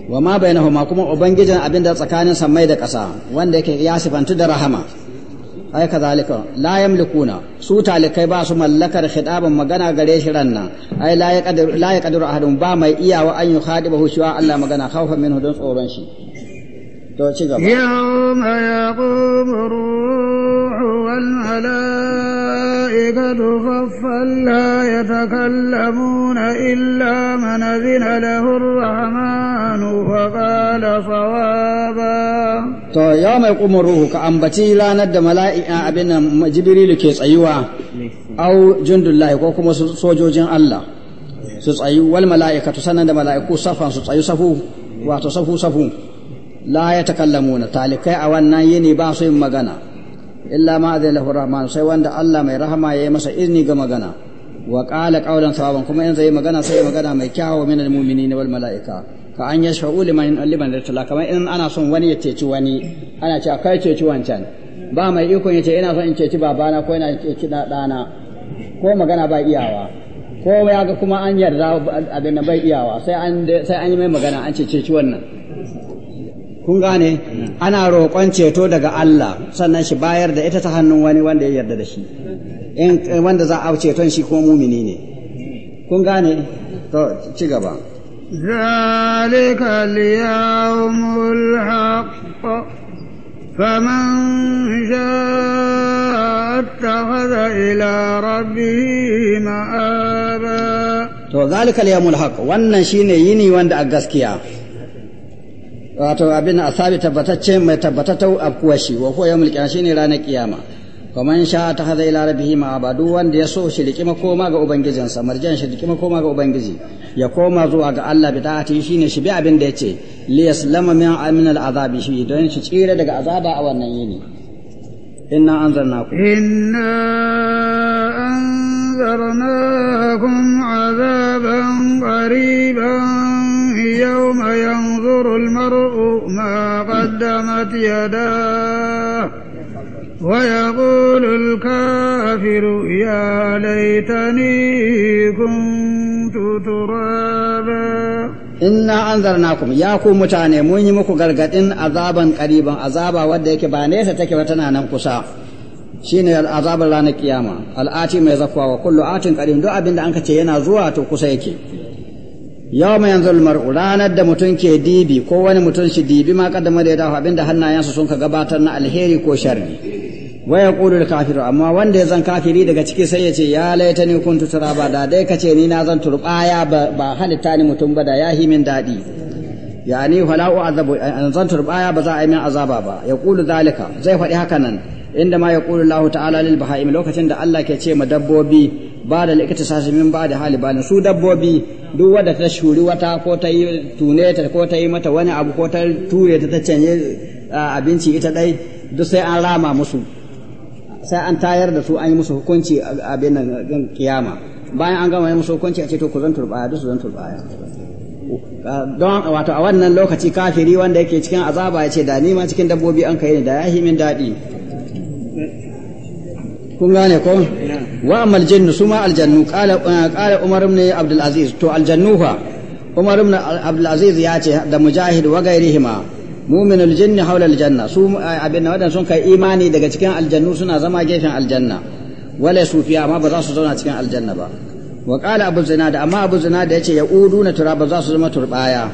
وما بينهما كما وبنجزن أبين دا تسكانين سمي دك أسا وان دك ياسف أنت دا رحمة ai kazalika la yamlikuna su talikai ba su mallakar khitaban magana gare shi ranna ai la yaqdiru la ahadun ba mai iyawa an yukhadibahu shi hushuwa Allah magana khawfan minhu don tsoron shi to ci gaba yawma yaqumu ruhu wal malaikatu khaffan la yatakallamuna illa man azina lahu ar-rahmanu wa qala to ya mai kuma ruhu ka ambaci ranar da mala'ika abin nan jibrilu ke tsayuwa au jundullahi ko kuma sojojin Allah su tsayu wal mala'ikatu sanan da mala'iku safan su tsayu safu wato safu safu la ya takallamuna talikai a wannan yini ba su yin magana illa ma azai rahman sai wanda Allah mai rahama ya yi masa izini ga magana wa qala qawlan sawaban kuma in zai magana sai magana mai kyawu minal mu'minina wal mala'ika fa an yashfa'u liman liman irtala kamar in ana son wani ya ceci wani ana ce kai ceci wancan ba mai ikon ya ce ina son in ceci babana ko ina ceci ɗana ko magana ba iyawa ko ya ga kuma an yarda abin da bai iyawa sai an sai an yi mai magana an ceci ceci wannan kun gane ana roƙon ceto daga Allah sannan shi bayar da ita ta hannun wani wanda ya yarda da shi in wanda za a ceton shi ko mumini ne kun gane to ci gaba ذلك اليوم الحق فمن شاء اتخذ إلى ربه مآبا to zalika al-yawmul haq wannan shine yini wanda a gaskiya wato abin asabi tabbatacce mai tabbatar a kuwa shi wa huwa yawmul qiyamah shine ranar kiyama wa man sha ta hada ila rabbihi ma abadu wanda ya so shi likima koma ga ubangijinsa marjan shi likima koma ga ubangiji ya koma zuwa ga Allah bi ta'ati shine shi bi abin da yace li yaslama min amin al azabi shi don shi tsira daga azaba a wannan yini inna anzarnakum inna anzarnakum azaban qariban يوم ينظر المرء ما قدمت يداه ويقول الكافر يا ليتني كنت ترابا inna anzarnakum ya ku mutane mun yi muku gargadin azaban qariban azaba wanda yake ba nesa take ba tana nan kusa shine azabar ranar ƙiyama al'ati mai zakwa wa kullu atin qarim duk abinda anka ce yana zuwa to kusa yake yau mai yanzu mar'u ranar da mutum ke dibi ko wani mutum shi dibi ma kaddama da ya dafa abinda hannayensu sun ka gabatar na alheri ko sharri wa yaqulu kafiru amma wanda ya zan kafiri daga ciki sai ya ce ya laitani kuntu turaba da dai kace ni na zan turbaya ba halitta ni mutum ba da ya yi min dadi yani fala u'azabu an zan turbaya ba za a yi min azaba ba yaqulu zalika zai faɗi haka nan inda ma yaqulu Allah ta'ala lil bahaim lokacin da Allah ke ce ma dabbobi ba da likita sasi min ba da hali ba su dabbobi duk wadda ta shuri wata ko ta yi tune ta ko ta yi mata wani abu ko ta ture ta ta canye abinci ita dai duk sai an rama musu sai an tayar da su an yi musu hukunci abin nan kiyama bayan an gama yi musu hukunci a ce to ku zan turbaya duk su zan turbaya don wato a wannan lokaci kafiri wanda yake cikin azaba ya ce da ni ma cikin dabbobi an kai ni da ya min daɗi kun gane ko wa amal jinnu suma aljannu qala uh, qala umar ibn abdul aziz to aljannu fa umar ibn abdul aziz ya ce da mujahid wa gairihima mu'min aljinni hawla aljanna su uh, abin nan wadan sun kai imani daga cikin aljannu suna zama gefen aljanna wala sufiya amma ba za su zauna cikin aljanna ba wa qala abu zinad amma abu zinad ya ce ya ya'uduna turaba za su zama turbaya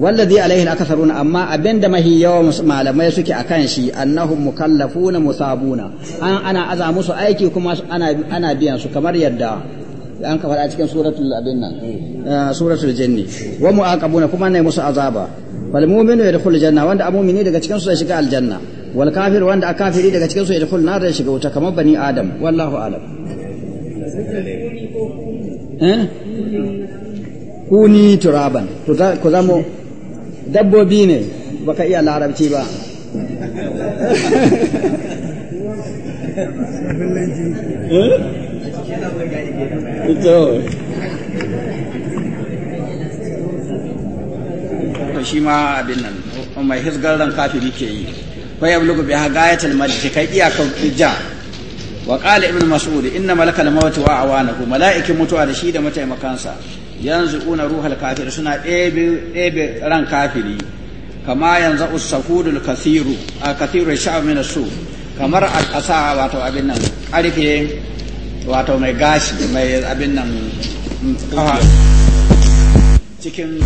zai alaihi akasaruna amma abinda mahi yawa malamai suke kan shi annahum mukallafuna musabuna an ana aza musu aiki kuma ana ana kamar yadda an ka faɗa cikin suratul abin nan suratul jinni wa kuma ne musu azaba wal mu'minu yadkhulu janna wanda amumini daga cikin su zai shiga aljanna wal kafir wanda akafiri daga cikin su yadkhulu shiga wuta kamar bani adam ku zamo dabbobi ne baka iya larabci ba eh? shi ma abin nan mai hisgar ran kafiri ke yi fa yablugu biha gayatul maddi kai iyakar ja wa qala ibn mas'ud inna malakal maut wa awanahu mala'ikin mutuwa da shi da mataimakansa yanzu una ruhal kafir suna ɗebe ran kafiri kama yanzu usafudul kathiru a kathiru sha'ab min su kamar asa wato abin nan arfe wato mai gashi mai abin nan mm, cikin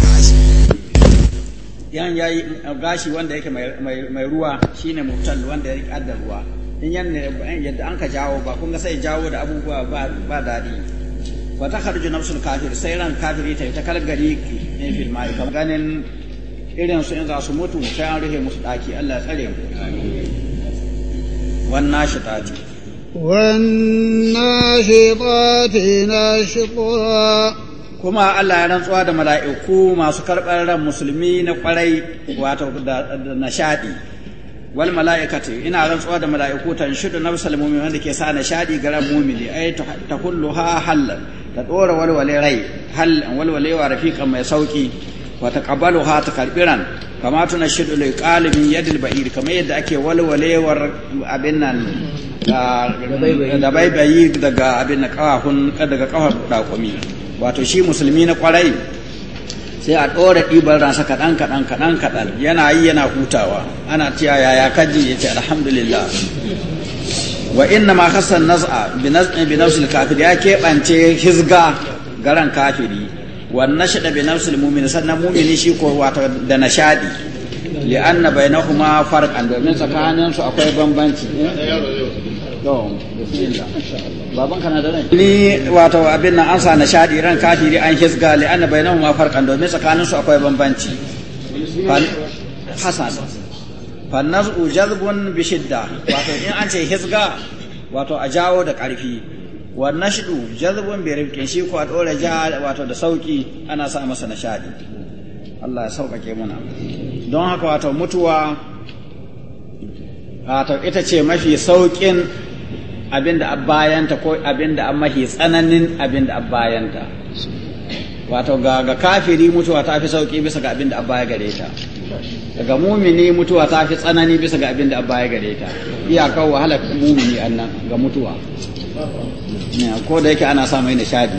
yan yayi gashi wanda yake mai ruwa shine mutal wanda yake adda ruwa in yan yadda an ka jawo ba kun ga sai jawo da abubuwa ba daɗi wa ta kharju nafsul kafir sai ran kafiri ta ta kalgari ne fil mai kamar ganin irin su in za su mutu sai an rufe musu daki Allah ya tsare mu wan nashitati wan nashitati nashita kuma Allah ya rantsuwa da mala'iku masu karɓar ran musulmi na kwarai wato da nashadi wal mala'ikati ina rantsuwa da mala'iku tan tanshidu nafsal mu'min wanda ke sa nashadi ga ran mu'mini ay tahulluha halal da dora walwale rai hal walwale wa rafiqan mai sauki wa ha ta karbiran kama tuna shidul qalibin yadil ba'ir kamar yadda ake walwalewar abin nan da baibayi daga abin na kawahun daga kawar dakumi wato shi musulmi na kwarai sai a ɗora ɗibar ransa kaɗan kaɗan kaɗan kaɗan yana yi yana hutawa ana cewa yaya kaji ya alhamdulillah wa inna ma hasan naz'a bi nafsil kafir ya keɓance hizga garan kafiri wa nashada bi nafsil mu'min sannan mu'mini shi ko wato da nashadi li anna bainahuma farqan domin tsakanin su akwai bambanci baban kana da rai ni wato abin nan an sa nashadi ran kafiri an hizga li anna bainahuma farqan domin tsakanin su akwai bambanci hasan fannazu jazbun bishidda wato in an ce Hisga wato a jawo da ƙarfi wa nashdu jazbun bi rifqin shi ko a dora ja wato da sauki ana sa masa nashadi Allah ya sauƙaƙe muna don haka wato mutuwa wato ita ce mafi sauƙin abinda abbayanta ko abinda an mafi tsananin abinda abbayanta wato ga kafiri mutuwa ta fi sauƙi bisa ga abinda an baya gare ta daga mumini mutuwa ta fi tsanani bisa ga abin da abba ya gare ta iyakar wahalar mumini annan ga mutuwa ko da yake ana sa mai nishadi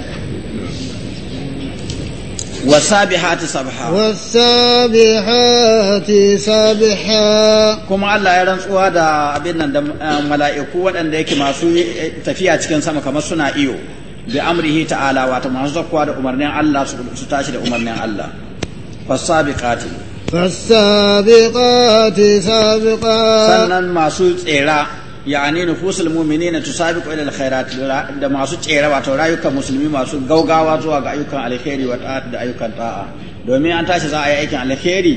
والسابحات سبحا والسابحات sabha. Kuma Allah ya rantsuwa da abin nan da eh, mala'iku waɗanda yake masu eh, tafiya cikin sama kamar suna iyo bi amrihi ta'ala wato ta zakkuwa da umarnin Allah su tashi da umarnin Allah fasabiqati فالسابقات سابقا sannan masu tsera yani nufusul na tusabiqu ila alkhairat da masu tsera wato rayukan musulmi masu gaugawa zuwa ga ayyukan alkhairi da ayyukan ta'a domin an tashi za a yi aikin alheri,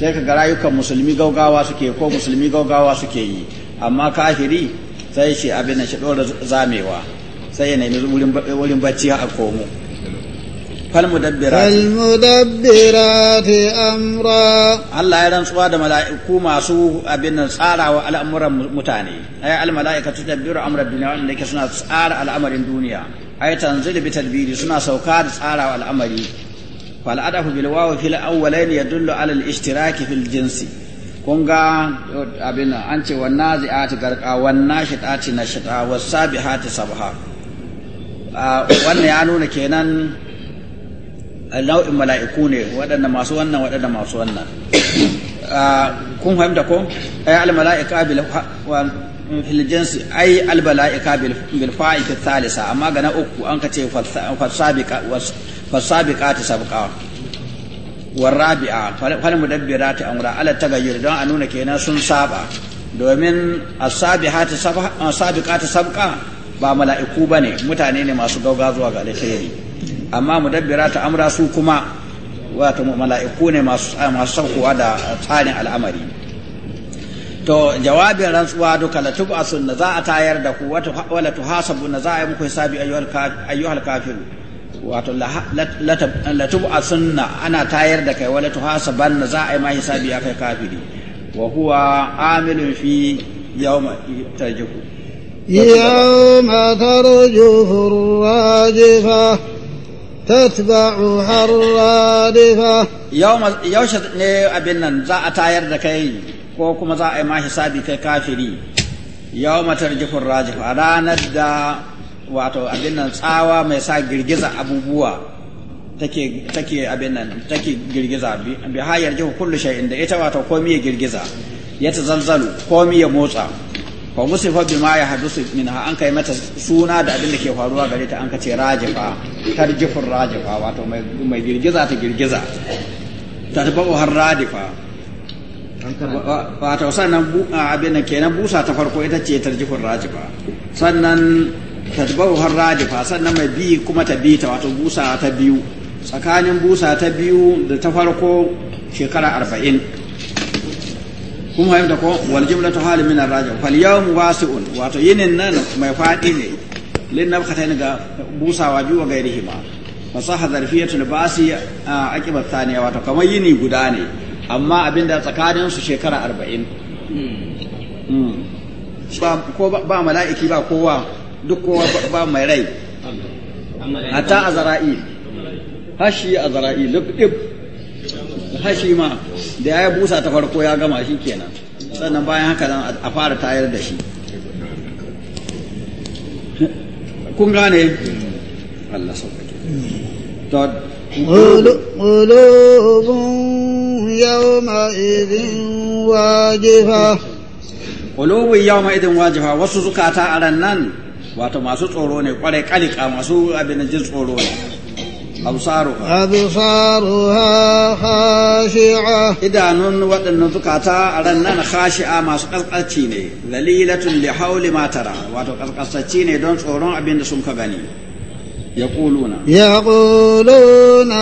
sai ka ga rayukan musulmi gaugawa suke ko musulmi gaugawa suke yi amma kafiri sai shi abin da shi dora zamewa sai ya nemi wurin bacci a komo فالمدبرات فالمدبرات أمرا الله يرن سواد ملائكو ما سو أبن سارة على أمر متاني أي الملائكة تدبر أمر الدنيا وإنك سنة سارة على أمر الدنيا أي تنزل بتدبير سنة سوكار سارة على أمر فالأدف بالواو في الأولين يدل على الاشتراك في الجنس kun ga abin an ce wanna zi'ati garka wanna shitati na shita wasa bihati sabha wannan ya nuna kenan nau'in mala'iku ne waɗanda masu wannan waɗanda masu wannan ah, kun fahimta ko ay al mala'ika bil fil jinsi ay al mala'ika bil fa'i fi thalisa amma ga na uku an kace fasabiqa fasabiqati sabqa war rabi'a fal mudabbirati amra ala tagayyur don a nuna kenan sun saba domin asabihati sabiqati sabqa ba mala'iku bane mutane ne masu gauga zuwa ga alheri amma mudabbira ta amra su kuma wato mala'iku ne masu masu saukowa da tsarin al'amari to jawabin rantsuwa duka la tub'asun na za a tayar da ku wata wala tuhasabu na za a yi muku hisabi ayyuhal kafiru wato la tub'asun ana tayar da kai wala tuhasaban na za a yi ma hisabi ya kai kafiri wa huwa amilun fi yawma tarjihu يوم ترجف الراجفه تتبعها الرادفة يوم يوشد ne abin nan za a tayar da kai ko kuma za a yi ma hisabi kai kafiri yawma tarjifur rajif a ranar da wato abin nan tsawa mai sa girgiza abubuwa take take abin nan take girgiza bi hayar jihu kullu shay'in da ita wato komai ya girgiza Yata tazalzalu komai ya motsa fa musifa bima ya hadusu minha an kai mata suna da abin da ke faruwa gare ta an kace rajifa tarjifur rajifa wato mai mai girgiza ta girgiza ta tabu har radifa wato sannan abin da kenan busa ta farko ita ce tarjifur rajifa sannan tatbaru har radifa sannan mai bi kuma ta bi ta wato busa ta biyu tsakanin busa ta biyu da ta farko shekara arba'in Kuma fahimta ko wal jumlatu halin min ar fal yawm wasi'un wato yinin nan mai fadi ne lin nabkhatayn ga busawa biyu wa gairihi fa sahha zarfiyatul basi aqiba thaniya wato kamar yini guda ne amma abinda tsakanin su shekara 40 hmm. hmm. ba ko ba mala'iki ba kowa duk kowa ba mai rai hatta azra'il hashi azra'il lubib fashi ma da ya busa ta farko ya gama shi kenan sannan bayan haka nan a fara tayar da shi kun gane Allah sauƙaƙe yau wajifa wasu zukata a ran nan wato masu tsoro ne kwarai kalika masu abinajin tsoro ne أبصارها أبصارها خاشعة إذا نن ودن زكاتا رنن خاشعة ما سقطتيني ذليلة لحول ما ترى وتقطتيني دون صورون أبين سمك غني يقولون يقولون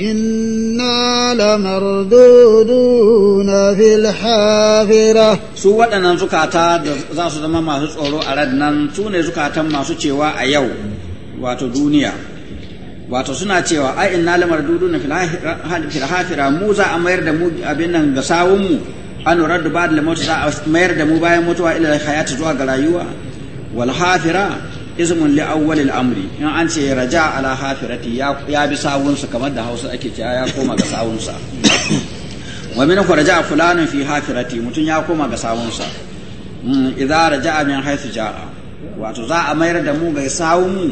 إنا لمردودون في الحافرة su waɗannan zukata da za su zama masu tsoro a ran nan su ne zukatan masu cewa a yau wato duniya wato suna cewa ai inna lamar dudu na fil hafira mu za a mayar da mu abin nan ga sawun mu an raddu ba'd al maut za a mayar da mu bayan mutuwa ila al hayati zuwa ga rayuwa wal hafira ismun li awwal al amri in an ce raja ala hafirati ya ya bi sawun sa kamar da Hausa ake cewa ya koma ga sawun sa wa min raja fulanun fi hafirati mutun ya koma ga sawun sa hmm, idza raja'a min haythu ja'a wato za a mayar da mu ga sawun mu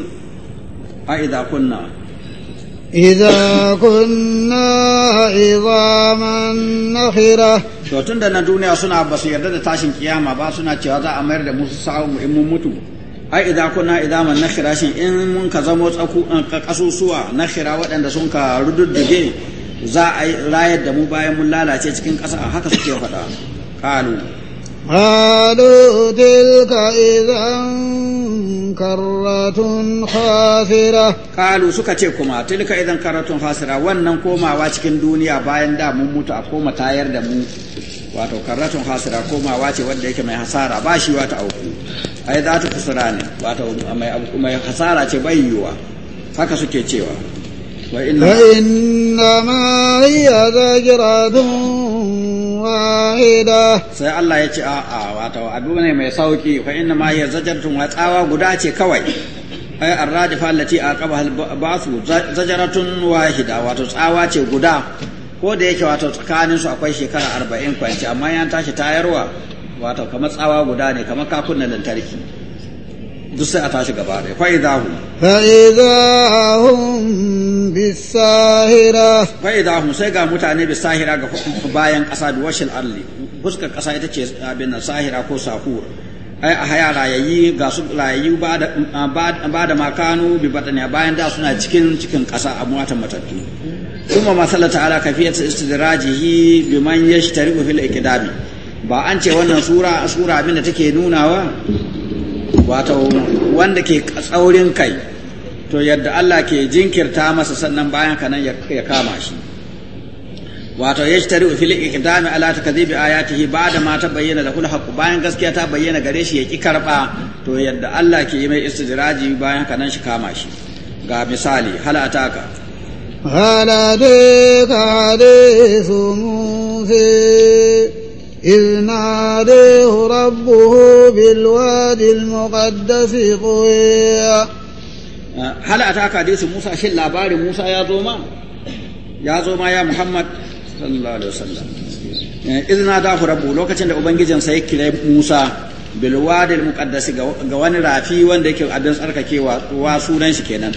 a idza kunna إذا كنا عظاما نخرة to tun da na duniya suna ba su yarda da tashin kiyama ba suna cewa za a mayar da musu sa'o mu in mun mutu ai idza kunna idza man nakhira shin in mun ka zamo tsaku eh, kasusuwa nakhira waɗanda sun ka rududdige za a rayar da mu bayan mun lalace cikin ƙasa haka suke faɗa kalu قالوا تلك إذا كرة خاسرة قالوا سكا تيكما تلك إذا كرة خاسرة wannan komawa cikin duniya bayan da mun mutu a koma tayar wato karratun hasira komawa ce wanda yake mai hasara ba shi wata auku ai za ta kusura ne wato mai hasara ce bai yiwa haka suke cewa wa inna ma hiya zajratun wahida sai Allah ya ce a a wato abu ne mai sauki fa inna ma hiya zajaratun wa tsawa guda ce kawai ai arrajifa allati aqaba al ba'su zajaratun wahida wato tsawa ce guda ko da yake wato tsakanin su akwai shekara 40 kwanci amma yan tashi tayarwa wato kamar tsawa guda ne kamar kakunan lantarki duk sai a tashi gaba da fa'ida hum fa'ida bisahira fa'ida sai ga mutane bisahira ga bayan ƙasa bi washin arli fuskar ƙasa ita ce abin nan sahira ko sahur ai a haya rayayi ga su rayayi ba da makanu bi batani bayan da suna cikin cikin ƙasa a muwatan matattu kuma masala ala kafiyat istidrajihi man yashtari fil iqdami ba an ce wannan sura sura abin da take nunawa wato wanda ke tsaurin kai to yadda Allah ke jinkirta masa sannan bayan kanan ya kama shi wato ya tari fil iqdami ala takdhibi ayatihi ba'da bayyana da kula haku bayan gaskiya ta bayyana gare shi ya ki karɓa, to yadda Allah ke yi mai istidraji bayan kanan shi kama shi ga misali hal ataka hal إذ ناديه ربه بالوادي المقدس قويا هل أتاك حديث موسى شل لابار موسى يا زوما يا زوما يا محمد صلى الله عليه وسلم إذ ناداه ربه لو كتن لأبن أبنجزن سيكلا موسى بالوادي المقدس قوان رافي وان ديك أبنس أركا كي وسونا شكينا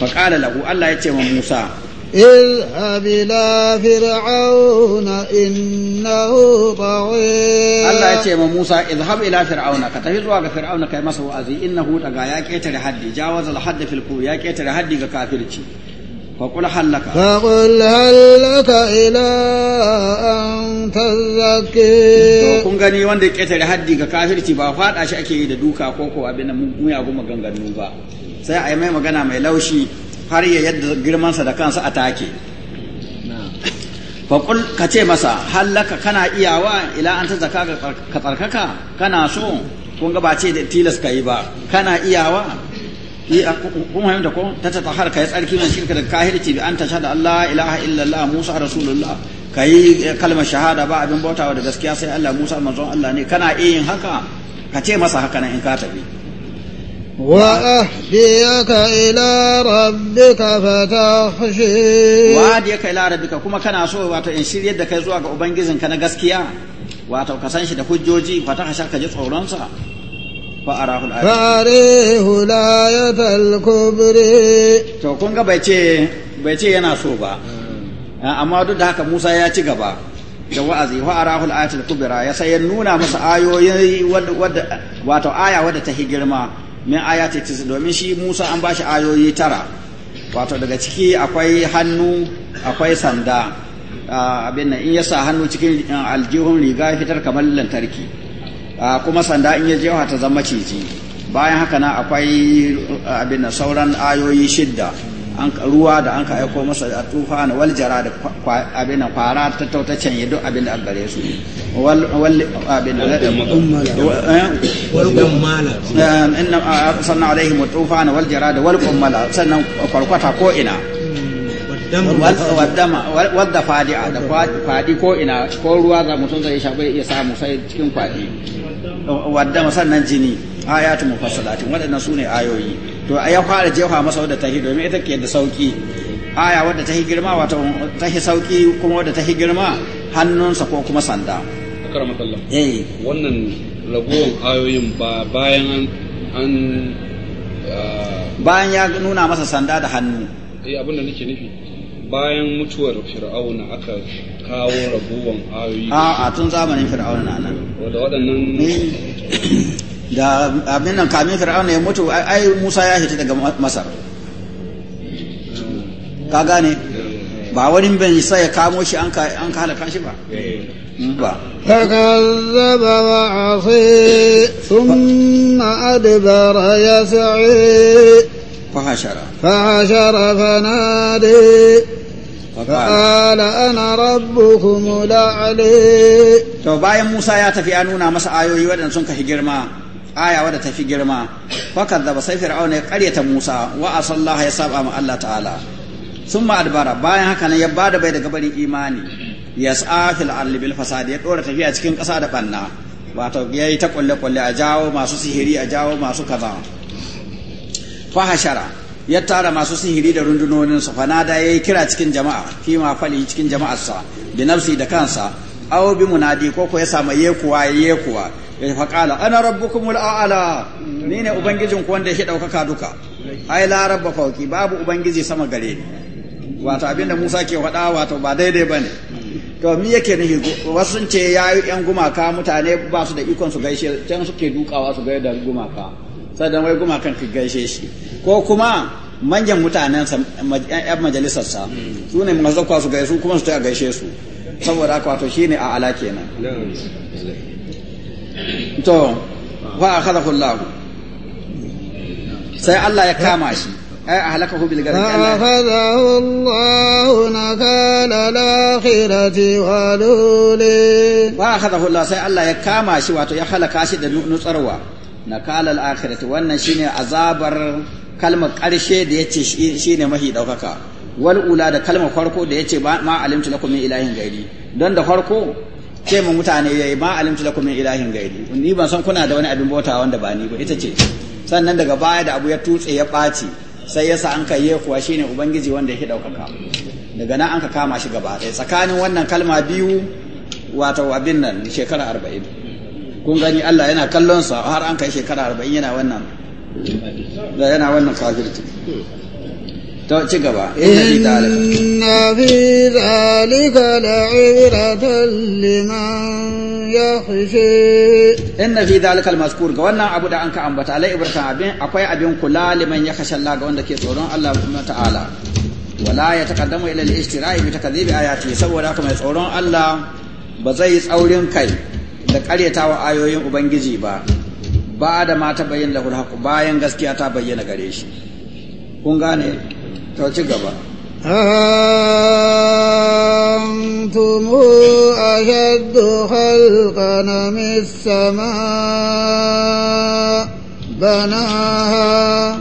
فقال له الله يتشم موسى اذهب الى فرعون انه طغي الله يتي ما موسى اذهب الى fir'auna ka زوا ga فرعون kai masa wa'azi innahu daga ya ketare haddi jawaz al hadd fil ya ketare haddi ga kafirci فقل هل لك فقل هل لك الى ان تزكي to kun gani wanda ya haddi ga kafirci ba faɗa shi ake yi da duka ko ko abin nan mun yago maganganu ba sai a yi mai magana mai laushi har ya yadda girmansa da kansa a take faƙul ka ce masa hallaka kana iyawa ila an ta zaka ka tsarkaka kana so kun ga ba ce da tilas ka yi ba kana iyawa kun hanyar da ko ta ta harka ka yi tsarki mai shirka da kahirci bi an ta shahada Allah ilaha illallah Musa rasulullah ka yi kalmar shahada ba abin bautawa da gaskiya sai Allah Musa manzon Allah ne kana iya yin haka ka ce masa haka nan in ka tafi وأهديك إلى ربك فتخشي وأهديك إلى ربك كما كان سو واتو إن شير يدك زوا ga ubangijin ka na gaskiya wato ka shi da hujjoji fa ta hashar ka ji tsoron sa fa arahu al farihu la yatal to kun bai ce yana so ba amma duk da haka Musa ya ci gaba da wa'azi wa arahu al ayatul kubra ya sai nuna masa ayoyi wadda wato aya wadda ta yi girma min ayati tis domin shi Musa an bashi ayoyi tara wato daga ciki akwai hannu akwai sanda ah, abin nan in ya hannu cikin ah, aljihun riga fitar kamar lantarki ah, kuma sanda in ya je ta zama ciji bayan haka na akwai abin nan sauran ayoyi shidda ruwa da an ka aiko masa a tufa tufana wal jara da abin kwara ta tautacen ya duk abin da an gare su wal abin da da inna sanna alaihi na wal jara da wal qummala sannan kwarkwata ko ina wadda fadi'a da fadi ko ina ko ruwa za mutum zai sha bai iya samu sai cikin kwadi wadda sannan jini ayatu mufassalatin waɗannan su ne ayoyi to ya fara jefa masa wadda ta hi domin ita ke da sauki aya wadda ta hi girma wata ta hi sauki kuma wadda ta hi girma hannunsa ko kuma sanda eh wannan ragowar ayoyin ba bayan an ah, bayan ya nuna masa sanda da hannu eh abin da nake nufi bayan mutuwar fir'auna aka kawo rabuwan ayoyi a tun zamanin fir'auna nan da waɗannan da abin nan kamin fir'auna ya mutu ai Musa ya hita daga Masar ka gane ba wani bin sai ya kamo shi an ka an ka halaka shi ba mm, ba zaba wa asi thumma adbara yas'i fahashara fahashara fanadi فقال أنا ربكم الأعلى to bayan Musa ya tafi ya nuna masa ayoyi waɗanda sun kashi girma aya wadda ta fi girma fakar da sai fir'auna ya karyata musa wa asallaha ya saba ma allah ta'ala sun ma adbara bayan haka nan ya da bai da gabarin imani ya tsafil alibil fasad ya dora tafiya cikin kasa da banna wato ya yi ta kulle kulle a jawo masu sihiri a jawo masu kaza fahashara ya tara masu sihiri da rundunoninsa fanada ya yi kira cikin jama'a fi ma fali cikin jama'arsa bi nafsi da kansa aw munadi ko ko ya samu yekuwa yekuwa Eh, faƙala ana rabbukumul a'ala ni ne ubangijin ku wanda yake ɗaukaka duka ai la rabba fauki babu ubangiji sama gare ni wato abinda Musa ke faɗa wato ba daidai bane to mi yake nihi wasu sun ce ya yi yan gumaka mutane ba su da ikon su gaishe can suke dukawa su gaida gumaka sai dan wai gumakan ka gaishe shi ko kuma manyan mutanen yan majalisar sa su ne mazakwa su gaishe su kuma su ta gaishe su saboda haka wato shine a'ala kenan to wa akhadahu Allah sai Allah ya kama shi ai ahlakahu bil garq Allah akhadahu Allah nakala al-akhirati waluli wa akhadahu Allah sai Allah ya kama shi wato ya halaka shi da nutsarwa nakala al-akhirati wannan shine azabar kalmar karshe da yace shine mahi daukaka wal ula da kalmar farko da yace ma alimtu lakum min ilahin gairi don da farko ce mu mutane yayi ma alimtu lakum min ilahin gairi ni ban san kuna da wani abin bauta wanda ba ni ba ita ce sannan daga baya da abu ya tutse ya ɓaci sai yasa an kai ya kuwa shine ubangiji wanda yake daukaka daga nan an ka kama shi gaba ɗaya tsakanin wannan kalma biyu wato abin nan shekara arba'in kun gani Allah yana kallon sa har an kai shekara arba'in yana wannan yana wannan kafirci to ci gaba inna fi zalika la'ibratan liman yakhshi inna fi zalika almazkur ga wannan abu da an ka ambata alai ibratan abin akwai abin kula liman yakhshi Allah ga wanda ke tsoron Allah ta'ala wala ya taqaddamu ila al-ishtira'i bi takdhibi ayati saboda haka mai tsoron Allah ba zai tsaurin kai da karyatawa ayoyin ubangiji ba ba da ta bayyana lahul haqq bayan gaskiya ta bayyana gare shi kun gane to ci gaba antumu ashaddu khalqan min samaa banaha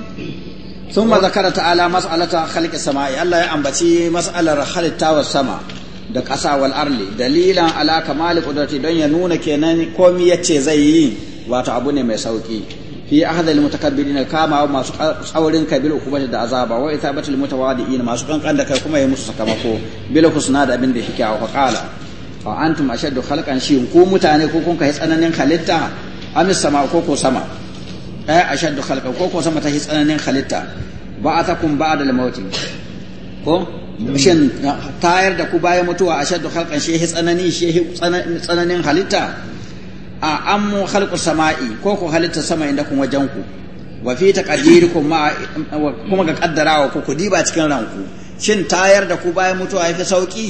thumma zakara ta'ala mas'alata khalqi samaa'i Allah ya ambaci mas'alar khalqta was sama da ƙasa wal arli dalilan ala kamali qudrati don ya nuna kenan komai yace zai yi wato abu ne mai sauƙi. fi ahadha lil mutakabbirin kama wa masu tsaurin kai bil da azaba wa ithabatil mutawadiin masu kankan da kai kuma ya musu sakamako bil husna da abin da yake kawo qala fa antum ashaddu khalqan shi ku mutane ko kun kai tsananin halitta amis sama ko ko sama eh, ashaddu khalqan ko ko sama ta tsananin halitta ba'athakum ba'da al mauti ko shin tayar da ku bayan mutuwa ashaddu khalqan shi tsanani shi tsananin halitta a ammu halku sama'i ko ku halitta sama inda kun wajen ku wa fi taqdirikum ma kuma ga kaddarawa ku ku diba cikin ranku shin tayar da ku bayan mutuwa yafi sauki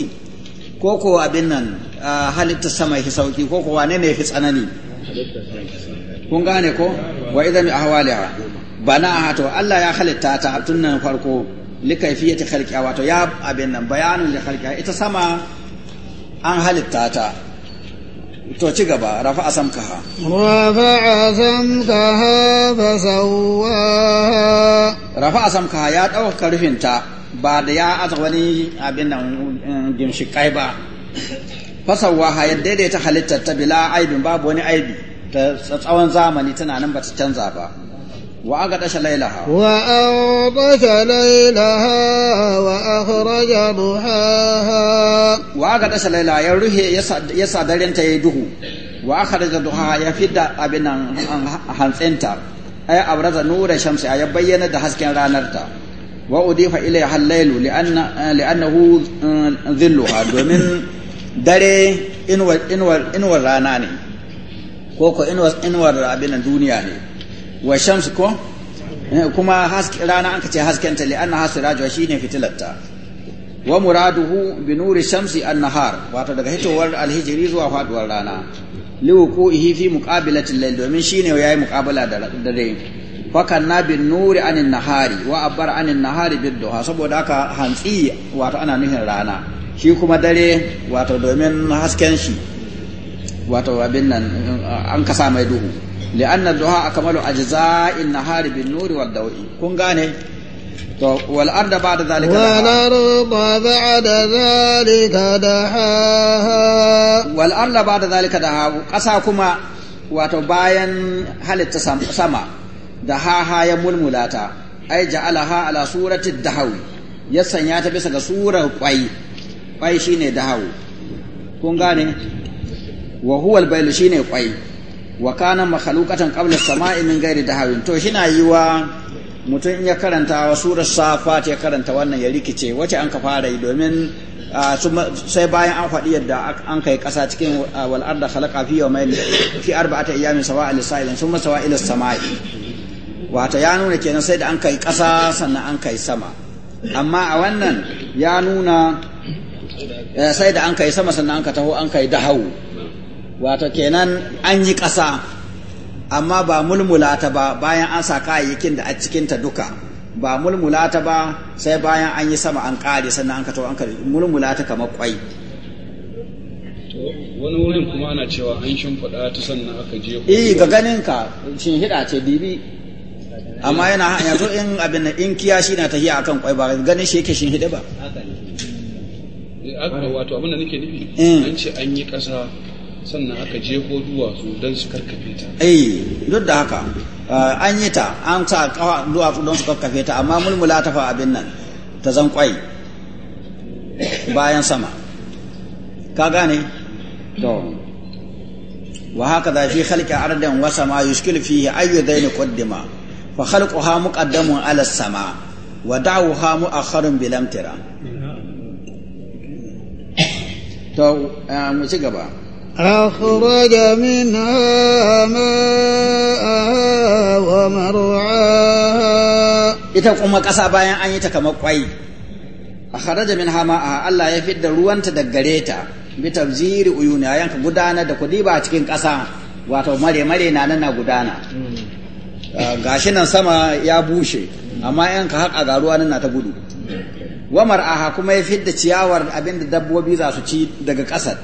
ko ko abin nan halitta sama yafi sauki ko ko wane ne yafi tsanani kun gane ko wa idan ahwaliha bana to Allah ya halitta ta tun nan farko likaifiyati khalqiha wato ya abin nan bayanin li khalqi ita sama an halitta ta to ci gaba rafa rafa ba sauwa rafa ya dauka rufin ta ba da ya aza wani abin nan eh, ginshikai ba fa ha ya daidaita halittar ta bila aibin babu wani aibi ta tsawon zamani tana nan ba ta canza ba وأغطش ليلها وأغطش ليلها وأخرج ضحاها وأغطش ليلها يروح يسعى دارين تيده وأخرج ضحاها يفيد أبنا هنسنتا أي أبرز نور الشمس أي بيّن دهسك رانرتا وأضيف إليها الليل لأن لأنه ظلها ومن dare inuwar rana ne ko ko inuwar abin duniya ne wa shamsu ko eh, kuma rana an ce haskenta ta li'anna shi ne fitilatta wa muraduhu bi nuri shamsi an-nahar wato daga hitowar alhijiri zuwa faduwar rana liwuquhi fi muqabilati layl domin shine yayi muqabala da dare fakan na bi nuri anin nahari wa abbar anin nahari bin duha saboda haka hantsi wato ana nufin rana shi kuma dare wato domin hasken shi wato abin nan an kasa mai duhu li'anna duha akmalu ajza'in nahari bin nuri wad dawi kun gane to wal arda ba'da zalika wal arda ba'da zalika daha wal arda ba'da zalika daha kasa kuma wato bayan halitta sama da ha ha ya mulmulata ai ja'alaha ala surati dahawi ya sanya ta bisa ga surar kwai kwai shine shine kwai wa kana makhluqatan qabla samai min ghairi dahawin to yi wa mutum ya karanta wa surar safat ya karanta wannan ya rikice wace an ka fara yi domin sai bayan an faɗi yadda an kai ƙasa cikin wal arda khalaqa fi yawmayn fi arba'ati sawa'a lis sa'ilin thumma sawa'il samai Wata ya nuna kenan sai da an kai ƙasa sannan an kai sama amma a wannan ya nuna eh, sai da an kai sama sannan an ka taho an kai dahawu wato kenan an yi ƙasa amma ba mulmula ta ba bayan an sa kayayyakin da a cikinta duka ba mulmula ta ba sai bayan an yi sama an ƙare sannan an kato an kare mulmula ta kamar kwai wani wurin kuma ana cewa an shimfiɗa ta sannan aka je eh ga ganin ka shin hida ce bibi? amma yana yanzu in abin in shi na hiya akan kwai ba ganin shi yake shin hida ba eh, wato abin da nake nufi eh. an ce an yi ƙasa sannan aka jefo duwatsu don su karkafe ta eh duk da haka eh, an yi ta an sa duwatsu don su karkafe ta amma mulmula ta fa abin nan ta zan kwai bayan sama ka gane to wa haka da fi khalqi ardin wa sama yushkil fihi ayyu dhayn qaddima fa khalquha muqaddamun ala sama wa da'uha mu'akhkharun bilamtira to eh, mu ci gaba أخرج منها ماءها ومرعاها ita kuma ƙasa bayan an yi ta kamar ƙwai a kharaja min hama'a Allah ya fidda ruwanta da gare ta bi tabziri uyuni a yanka gudana da kudi ba cikin ƙasa wato mare mare na nan na gudana gashi nan sama ya bushe amma ka haƙa ga ruwa nan na ta gudu wa mar'aha kuma ya fidda ciyawar abinda dabbobi za su ci daga ƙasar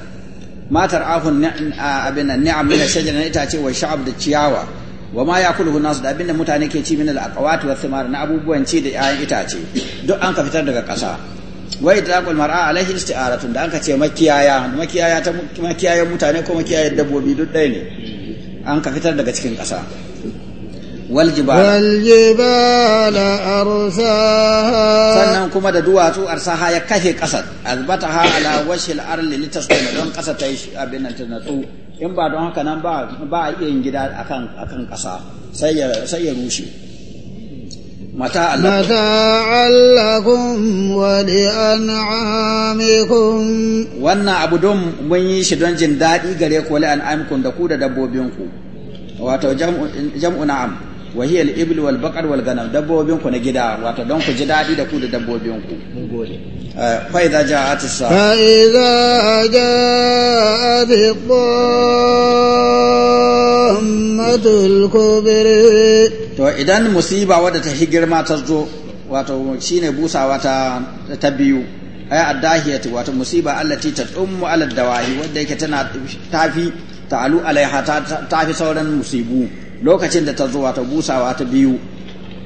matar afun abin ni'am min shajara na itace wa sha'ab da ciyawa wa ma yakuluhu nasu da abinda mutane ke ci min al-aqwat wa thimar na abubuwan ci da 'ya'yan itace duk an ka fitar daga ƙasa wa itlaqul mar'a alaihi isti'aratun da an ka ce makiyaya makiyaya ta makiyayan mutane ko makiyayan dabbobi duk ɗaya ne an ka fitar daga cikin ƙasa والجبال والجبال kuma da duwatsu arsaha ya kashe ƙasar azbataha ala washil arli litasqina don ƙasa ta yi abin nan tunatsu in ba don haka nan ba a iya yin gida akan akan ƙasa sai ya sai ya rushe mata allakum wa li an'amikum wannan abu don mun yi shi don jin daɗi gare ku li an'amikum da ku da dabbobinku wato jam'u na'am wa hiya al-ibl wal baqar wal ganam dabbobin ku na gida wato don ku ji dadi da ku da dabbobin ku mun gode fa idza ja'at as-sa'a fa idza ja'at to idan musiba wadda ta higirma ta zo wato shine busawa ta ta biyu ay addahiyati wato musiba allati tadummu ala dawahi wadda yake tana tafi ta'alu alaiha tafi sauran musibu lokacin da ta zo ta busawa ta biyu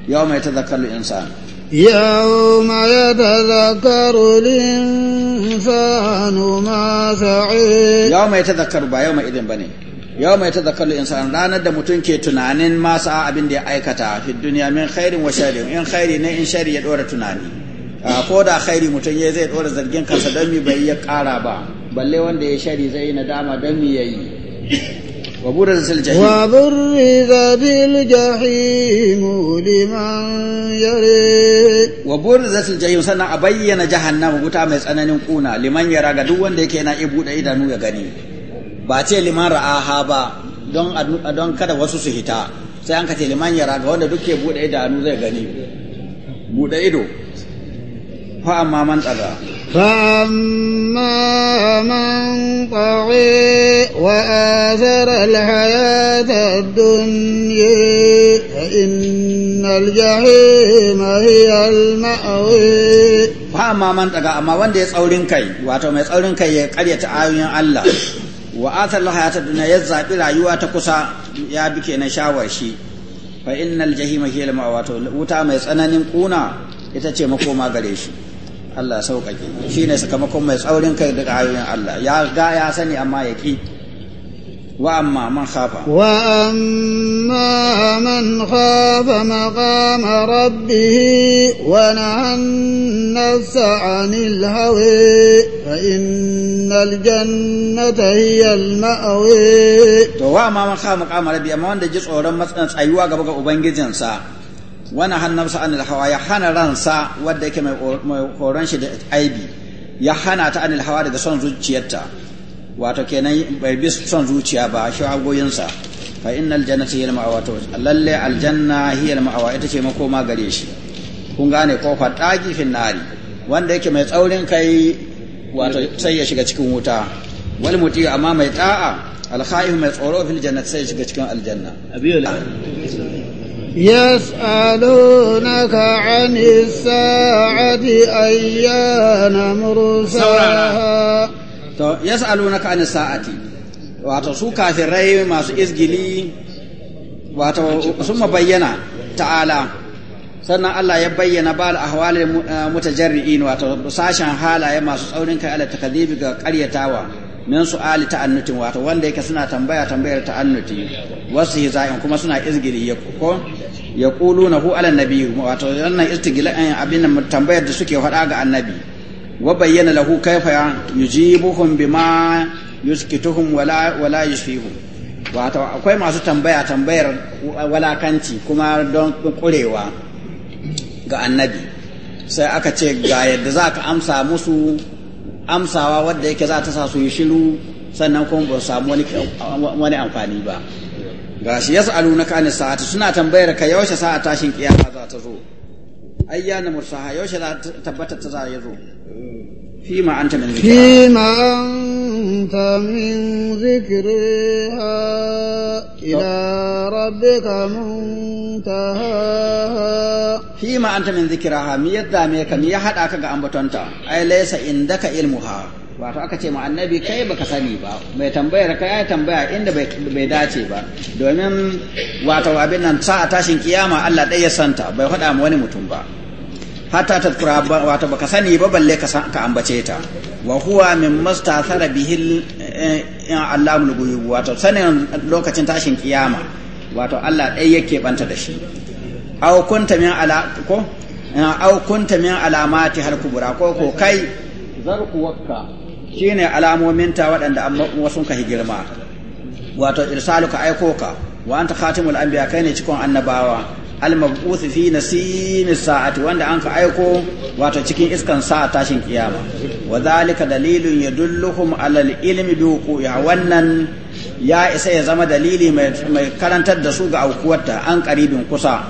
yau mai ta zakaru insan yau ma ya ta zakaru insanu ma sa'i yau mai ta zakaru ba yau mai idin ba ne yau mai ta zakaru insan ranar da mutum ke tunanin masa abin da ya aikata fi duniya min khairin wa shari in khairi ne in shari ya dora tunani ah, ko da khairi mutum ya zai dora zargin kansa don mi bai ya kara ba balle wanda ya shari zai yi nadama don mi ya yi وبرزت الجحيم وبرزت الجحيم لمن يرى وبرزت الجحيم سنة أبين جهنم وتا mai tsananin kuna liman yara ga duk wanda yake yana iya buɗe idanu ya gani ba ce liman ra'aha ba don kada wasu su hita sai an kace liman yara ga wanda duk ke buɗe idanu zai gani buɗe ido fa amma man tsada Sammaman Kauye wa'asar lahayya ta duniya, innal jahi ma hira ma aure. Ba mamman ɗaga, amma wanda ya yi tsaurin kai, wato mai tsaurin kai ya karya ta'awiyan Allah. Wa'asar lahayya ta duniya zaɓi rayuwa ta kusa ya bike na shawar shi. innal jahi ma ma aure. Wuta mai tsananin ƙuna ita ce makoma gare shi. Allah ya sauƙaƙe shi ne sakamakon mai tsaurin kai daga ayoyin Allah ya ga ya sani amma ya ƙi wa amma man khafa wa amma man khafa maqam rabbihi wa nahana nafsa 'anil hawa fa innal jannata hiya al ma'wa to wa amma man khafa maqam rabbi amma wanda ji tsoron matsayin tsayuwa gaba ga ubangijinsa wani hannunsa anil hawa ya hana ransa wadda yake mai horon shi da hiv ya hana ta anil hawa daga son zuciyarta wato kenan bai bi son zuciya ba shi agoyinsa fa innal jannata hiya al-ma'awa to lalle aljanna hiya al-ma'awa ita ce makoma gare shi kun gane kofa daki fin nari wanda yake mai tsaurin kai wato sai ya shiga cikin wuta wal muti amma mai ta'a al mai tsoro fil jannati sai ya shiga cikin aljanna يسألونك عن الساعة أيان مرساها يسألونك عن الساعة wato su kafirai masu izgili wato sun bayyana ta'ala sannan Allah ya bayyana ba al-ahwalil mutajarri'in wato sashen halaye masu tsaurin kai ala takadibi ga ƙaryatawa min su'ali ta'annutin wato wanda yake suna tambaya tambayar ta'annuti wasu hizayin kuma suna izgiri ya ko ya na hu ala nabi wato wannan an eh, abin tambayar da suke faɗa ga annabi wa bayyana lahu kayfa yujibuhum bima yuskituhum wala wala yushfihum wato akwai masu tambaya tambayar walakanci kuma don kurewa ga annabi sai aka ce ga yadda za ka amsa musu amsawa wadda yake za ta sa su yi shiru sannan kuma ba samu wani amfani ba ga shi ya sa'alu na kanin sa'ata suna tambayar ka yaushe sa'a tashin kiyama za ta zo ayyana mursaha yaushe za ta tabbata ta za ya zo فيما أنت من ذكرها فيما أنت من ذكرها إلى ربك منتهاها فيما أنت من ذكرها ميدا ميكا ميحد أكا أمبتونتا أي ليس عندك علمها wato aka ce ma annabi kai baka sani ba mai tambayar ka ya tambaya inda bai dace ba domin wato abin nan sa a tashin kiyama Allah ya santa bai faɗa ma wani mutum ba hatta tadkura wata baka sani ba balle ka ka ambace ta wa huwa min mustathara bihi eh, eh, Allahu lugu wato sanin lokacin tashin kiyama wato Allah dai yake banta da shi aw kunta min ala ko eh, aw kunta min alamati har kubura ko ko kai zarku wakka shine alamomin ta waɗanda amma wasu ka girma wato irsaluka aiko ka wa anta khatimul anbiya kai ne cikon annabawa al-mab'uth fi nasin sa'ati wanda an ka aiko wato cikin iskan sa'a tashin kiyama wa dhalika dalilun yadulluhum alal al-ilmi bi ya wannan ya isa ya zama dalili mai karantar da su ga aukuwarta an karibin kusa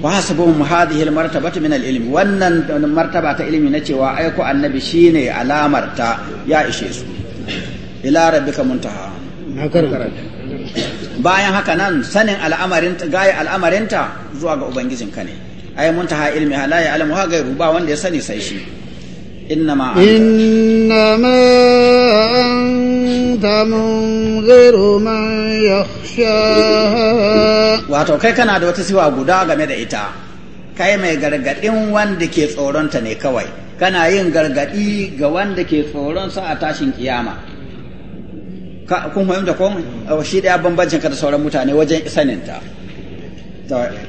wa hasbuhum hadhihi al min al wannan martaba ta ilimi na cewa aiko annabi shine alamar ta ya ishe su ila rabbika muntaha na karanta bayan haka nan sanin al'amarin gaya al'amarinta zuwa ga Ubangijin ubangijinka ne ai muntaha ilmi halaya alamu ha gairu ba wanda ya sani sai shi innama innama anta munziru man yakhsha wato kai kana da wata siwa guda game da ita kai mai gargadin wanda ke tsoronta ne kawai kana yin gargadi ga wanda ke tsoron sa a tashin kiyama kun fahimta ko shi daya bambancin ka da sauran mutane wajen saninta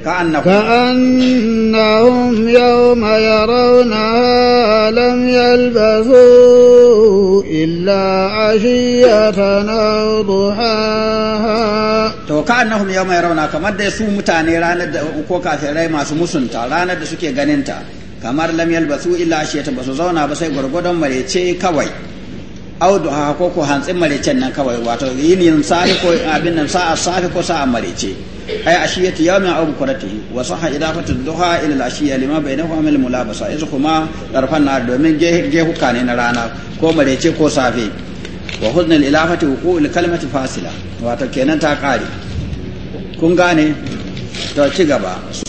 كأنهم, كأنهم يوم يرونها لم يلبثوا إلا عشية أو ضحاها to ka'annahum yawma yarawna kamar da su mutane ranar da ko kafirai masu musunta ranar da suke ganinta kamar lam yalbasu illa ashiyatan basu zauna ba sai gurgudan marece kawai audu ha ko ko hantsin marecen nan kawai wato yin yin sa'i ko abin nan sa'a safi ko sa'a marice ay ashiyatu yawmin aw bukratihi wa sahha idafatu duha ila al-ashiya lima bainahuma min al-mulabasa iz kuma tarfan na domin ge hukane na rana ko marece ko safe wa hudnal ilafati wuqul kalimati fasila wato kenan ta kare kun gane to ci gaba